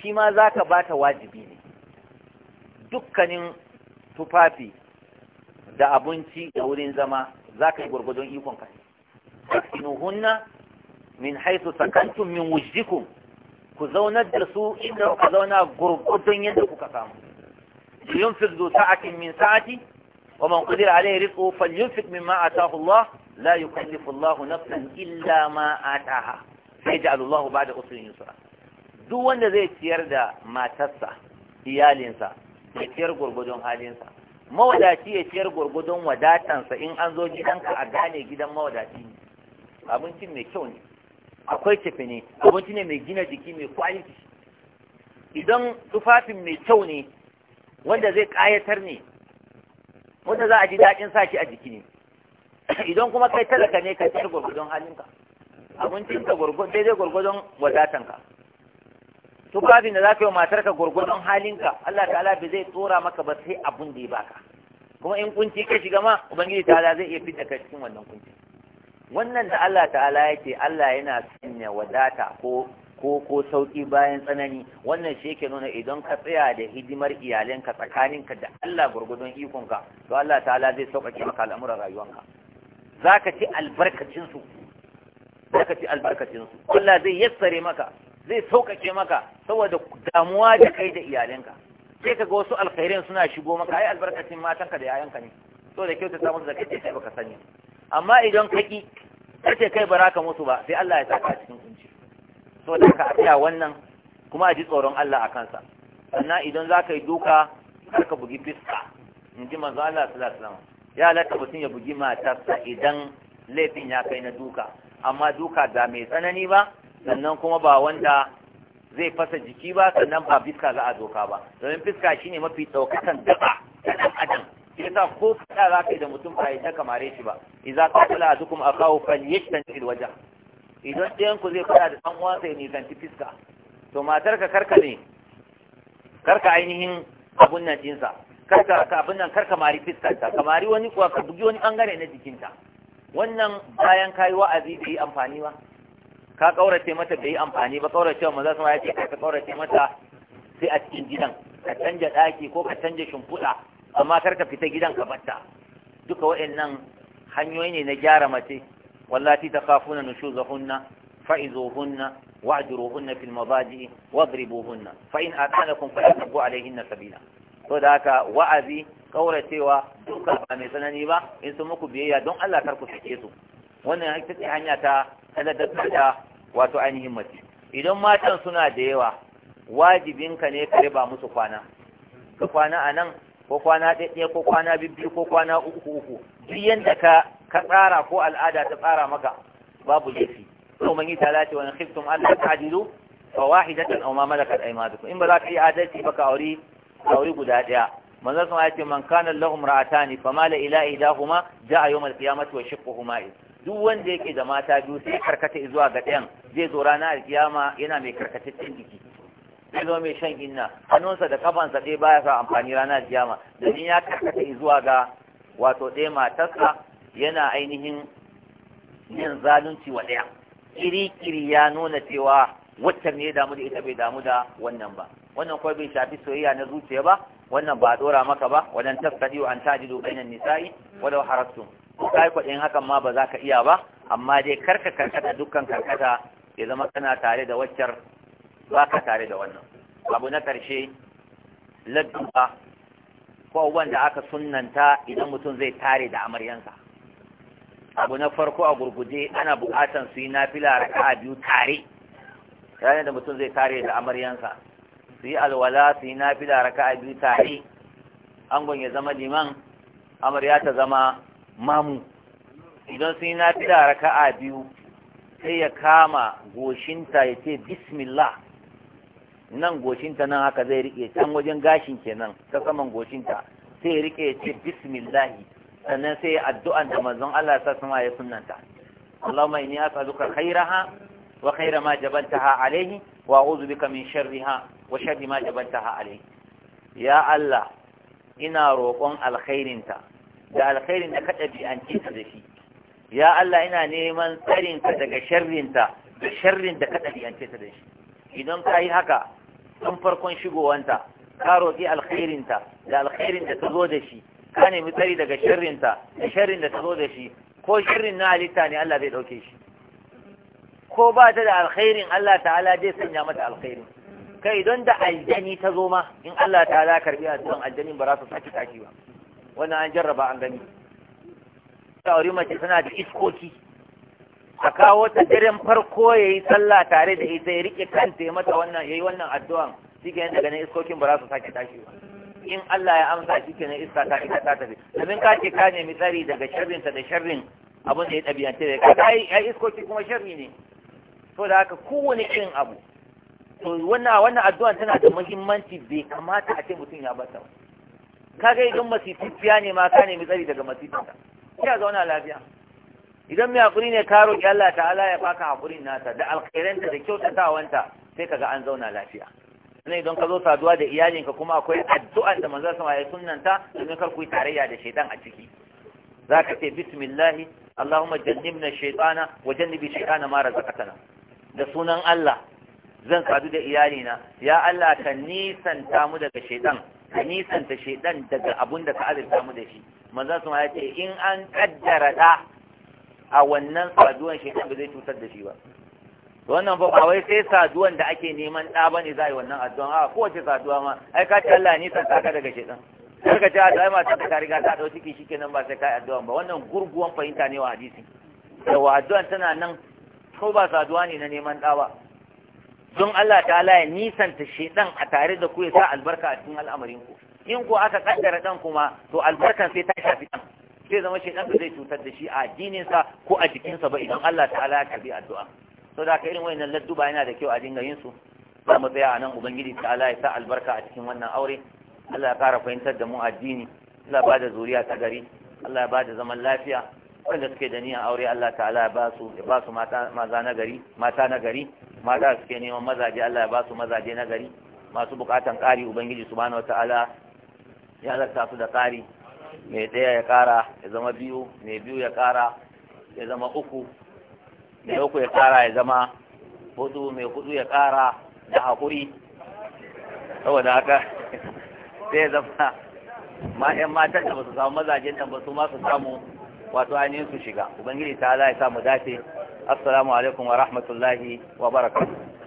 shi ma za ka ba ta wajibi ne dukkanin tufafi da abinci da wurin zama za ka yi gwargwadon ikon ka hunna min haisu sakantum min wujdikum ku zaunar da su inda ku zauna gurgudun yadda kuka samu yunfik zu sa'akin min sa'ati wa man qadira alayhi rizquhu falyunfiq mimma ataahu Allah la yukallifu Allahu nafsan illa ma ataha sai da Allahu ba'da usrin yusra duk wanda zai ciyar da matarsa iyalinsa ya ciyar gurgudun halinsa mawadaci ya ciyar gurgudun wadatansa in an zo gidanka a gane gidan mawadaci ne abinci mai kyau ne akwai cefe ne abinci ne mai gina jiki mai kwaliti idan tufafin mai kyau ne wanda zai kayatar ne wanda za a ji daɗin sa shi a jiki ne *coughs* idan kuma kai talaka ne ka ciyar gwargwadon halinka abincinka gwargwadon daidai gwargwadon wadatanka tufafin da za ka yi matarka gwargwadon halinka Allah ta'ala bai zai tsora maka ba sai abun da ya baka kuma in kunci ka shiga ma ubangiji ta'ala zai iya fita ka cikin wannan kunci wannan da Allah ta'ala yake Allah yana sanya wadata ko ko ko sauki bayan tsanani wannan shi yake nuna idan ka tsaya da hidimar iyalanka tsakaninka da Allah gurgudun ikonka to Allah ta'ala zai sauƙaƙe maka al'amuran rayuwanka za ka ci albarkacinsu za ka ci albarkacinsu Allah zai yassare maka zai sauƙaƙe maka saboda damuwa da kai da iyalinka sai ka ga wasu alkhairin suna shigo maka ai albarkacin matanka da yayanka ne so da kyauta samun zaka da kai baka sani amma idan ka ki kace kai baraka musu ba sai Allah ya saka a cikin kunci so da ka tsaya wannan kuma a ji tsoron Allah a kansa sannan idan za ka yi duka kar ka bugi fiska in ji manzo Allah sallallahu alaihi wasallam ya halatta mutum ya bugi matarsa idan laifin ya kai na duka amma duka ba mai tsanani ba sannan kuma ba wanda zai fasa jiki ba sannan ba fiska za a doka ba domin fiska shine mafi ɗaukakan daba ta ɗan adam yasa ko fada za ka yi da mutum ba ya kamare shi ba idan ka kula a dukkan akawo fal yashtan fil waje idan ɗayan ku zai fada da ɗan uwansa ya nisanci fiska to matar ka karka ne karka ainihin abun nan ɗinsa karka ka abin nan karka mari fiskarta ka mari wani kuwa ka bugi wani bangare na jikinta wannan bayan kayi wa'azi bai amfani ba ka kaurace mata bai amfani ba kaurace wa maza sama ya ce ka kaurace mata sai a cikin gidan ka canja daki ko ka canja shimfiɗa amma kar ka fita gidan ka batta duka waɗannan hanyoyi ne na gyara mace wallati takafuna nushuzahunna fa'izuhunna wa'juruhunna fil madaji wadribuhunna fa in atanakum fa na sabila to da haka wa'azi kauracewa duka ba mai tsanani ba in sun muku biyayya don Allah kar ku sake su wannan ita ce hanya ta taladdar da wato ainihin mace idan matan suna da yawa wajibinka ne ka riba musu kwana ka kwana a nan ko kwana ɗaya ko kwana biyu ko kwana uku uku duk yanda ka ka tsara ko al'ada ta tsara maka babu laifi to mun yi talati wa khiftum alla ta'dilu fa wahidatan aw ma malakat aymanukum in ba za ka yi adalci ba ka aure aure guda ɗaya manzon sun ayace man kana lahu imra'atani fama mala ila ihdahuma ja'a yawm al-qiyamati wa shiqquhuma duk wanda yake da mata biyu sai karkata zuwa ga ɗayan zai zo ranar qiyama yana mai karkataccen jiki zai zo mai shan inna hannunsa da kafansa ɗaya baya sa amfani ranar da domin ya karkata zuwa ga wato ɗaya matarsa yana ainihin yin zalunci wa ɗaya kiri-kiri ya nuna cewa wacce ne damu da ita bai damu da wannan ba wannan kuma bai shafi soyayya na zuciya ba wannan ba dora maka ba wannan tafsadiu an tajidu bainan nisa'i walau harastum kai din hakan ma ba za ka iya ba amma dai karka karkata dukkan karkata ya zama kana tare da waccar ba ka tare da wannan abu na karshe ladduba ko wanda aka sunnanta idan mutum zai tare da amaryansa abu na farko a gurguje ana bukatan su yi nafila raka'a biyu tare ranar da mutum zai tare da amaryansa su yi alwala su yi nafila a biyu tare angon ya zama liman amarya ta zama mamu idan sun yi nafila a biyu sai ya kama goshinta ya ce bismillah nan goshinta nan haka zai rike can wajen gashin kenan ta saman goshinta sai ya rike ya ce bismillah sannan sai ya addu'an da manzon Allah ya sa ya sunanta Allahumma inni as'aluka khairaha وخير ما جبلتها عليه وأعوذ بك من شرها وشر ما جبلتها عليه يا الله إنا روقون الخير انت da alkhairin da ka an ta da shi ya Allah ina neman tsarinka daga sharrinta da sharrin da ka an ta da shi idan ka yi haka tun farkon shigowanta ka roƙi alkhairinta da alkhairin da ta zo da shi ka nemi tsari daga sharrinta da sharrin da ta zo da shi ko sharrin na halitta ne Allah zai ɗauke shi ko ba ta da alkhairin Allah ta'ala zai sanya mata alkhairin kai don da aljani ta zo ma in Allah ta'ala karbi addu'an aljani ba za su saki saki ba wannan an jarraba an gani ta mace tana da iskoki a kawo ta daren farko ya yi sallah tare da ita ya rike kanta ya mata wannan ya yi wannan addu'an shi ke daga nan iskokin ba za su sake tashi ba in Allah ya amsa shi ke nan iska ta ita ta tafi domin ka ce ka nemi tsari daga sharrinta da sharrin abin da ya ɗabi'anta da ya kai ai iskoki kuma sharri ne saboda da haka kowane irin abu to wannan wannan addu'a tana da muhimmanci bai kamata a ce mutum ya bata kaga idan masifiya ne ma ka nemi tsari daga masifinka ya zauna lafiya idan mai hakuri ne ka roƙi Allah ta'ala ya baka hakurin nata da alkhairanta da kyautatawanta sai kaga an zauna lafiya sannan idan ka zo saduwa da iyalinka kuma akwai addu'ar da manzon sama ya sunnanta domin kar ku yi tarayya da shaitan a ciki zaka ce bismillah Allahumma jannibna shaytana wa jannibi shaytana ma razaqtana da sunan Allah zan sadu da iyalina ya Allah ka nisanta mu daga shaidan ka nisanta shaidan daga abun da ka azurta mu da shi manzon sun ya ce in an kaddara da a wannan saduwan shaidan ba zai cutar da shi ba wannan ba ba wai sai saduwan da ake neman da bane za a yi wannan addu'an a kowace saduwa ma ai ka ce Allah nisanta ka daga shaidan sai ka ce a da masu ta riga ta dauki shi kenan ba sai yi addu'a ba wannan gurguwan fahimta ne wa hadisi wa addu'a tana nan ko ba saduwa ne na neman ɗa don Allah ta ya nisanta ɗan a tare da ku ya sa albarka a cikin al'amarin ku in ku aka kaddara dan kuma to albarkan sai ta shafi dan sai zama shedan ba zai cutar da shi a addinin sa ko a jikin ba idan Allah ta'ala ya karbi addu'a to da ka irin wayannan ladduba yana da kyau a dinga yin su ba mu tsaya a nan ubangiji ta'ala ya sa albarka a cikin wannan aure Allah ya kara fahimtar da mu addini Allah ba da zuriya ta gari Allah ya ba da zaman lafiya wanda suke da niyan aure Allah ta'ala ba su ya ba su mata maza na gari mata na gari mata suke neman mazaje Allah ya ba su mazaje na gari masu bukatan ƙari ubangiji subhanahu wata'ala ya halatta su da ƙari mai ɗaya ya ƙara ya zama biyu mai biyu ya ƙara ya zama uku mai uku ya ƙara ya zama hudu mai hudu ya ƙara da haƙuri saboda haka *laughs* sai ya zama ma matan da ba su samu mazajen nan ba su ma su samu wato ainihin su shiga ubangiji ta ala ya sa dace assalamu alaikum wa rahmatullahi wa barakatuh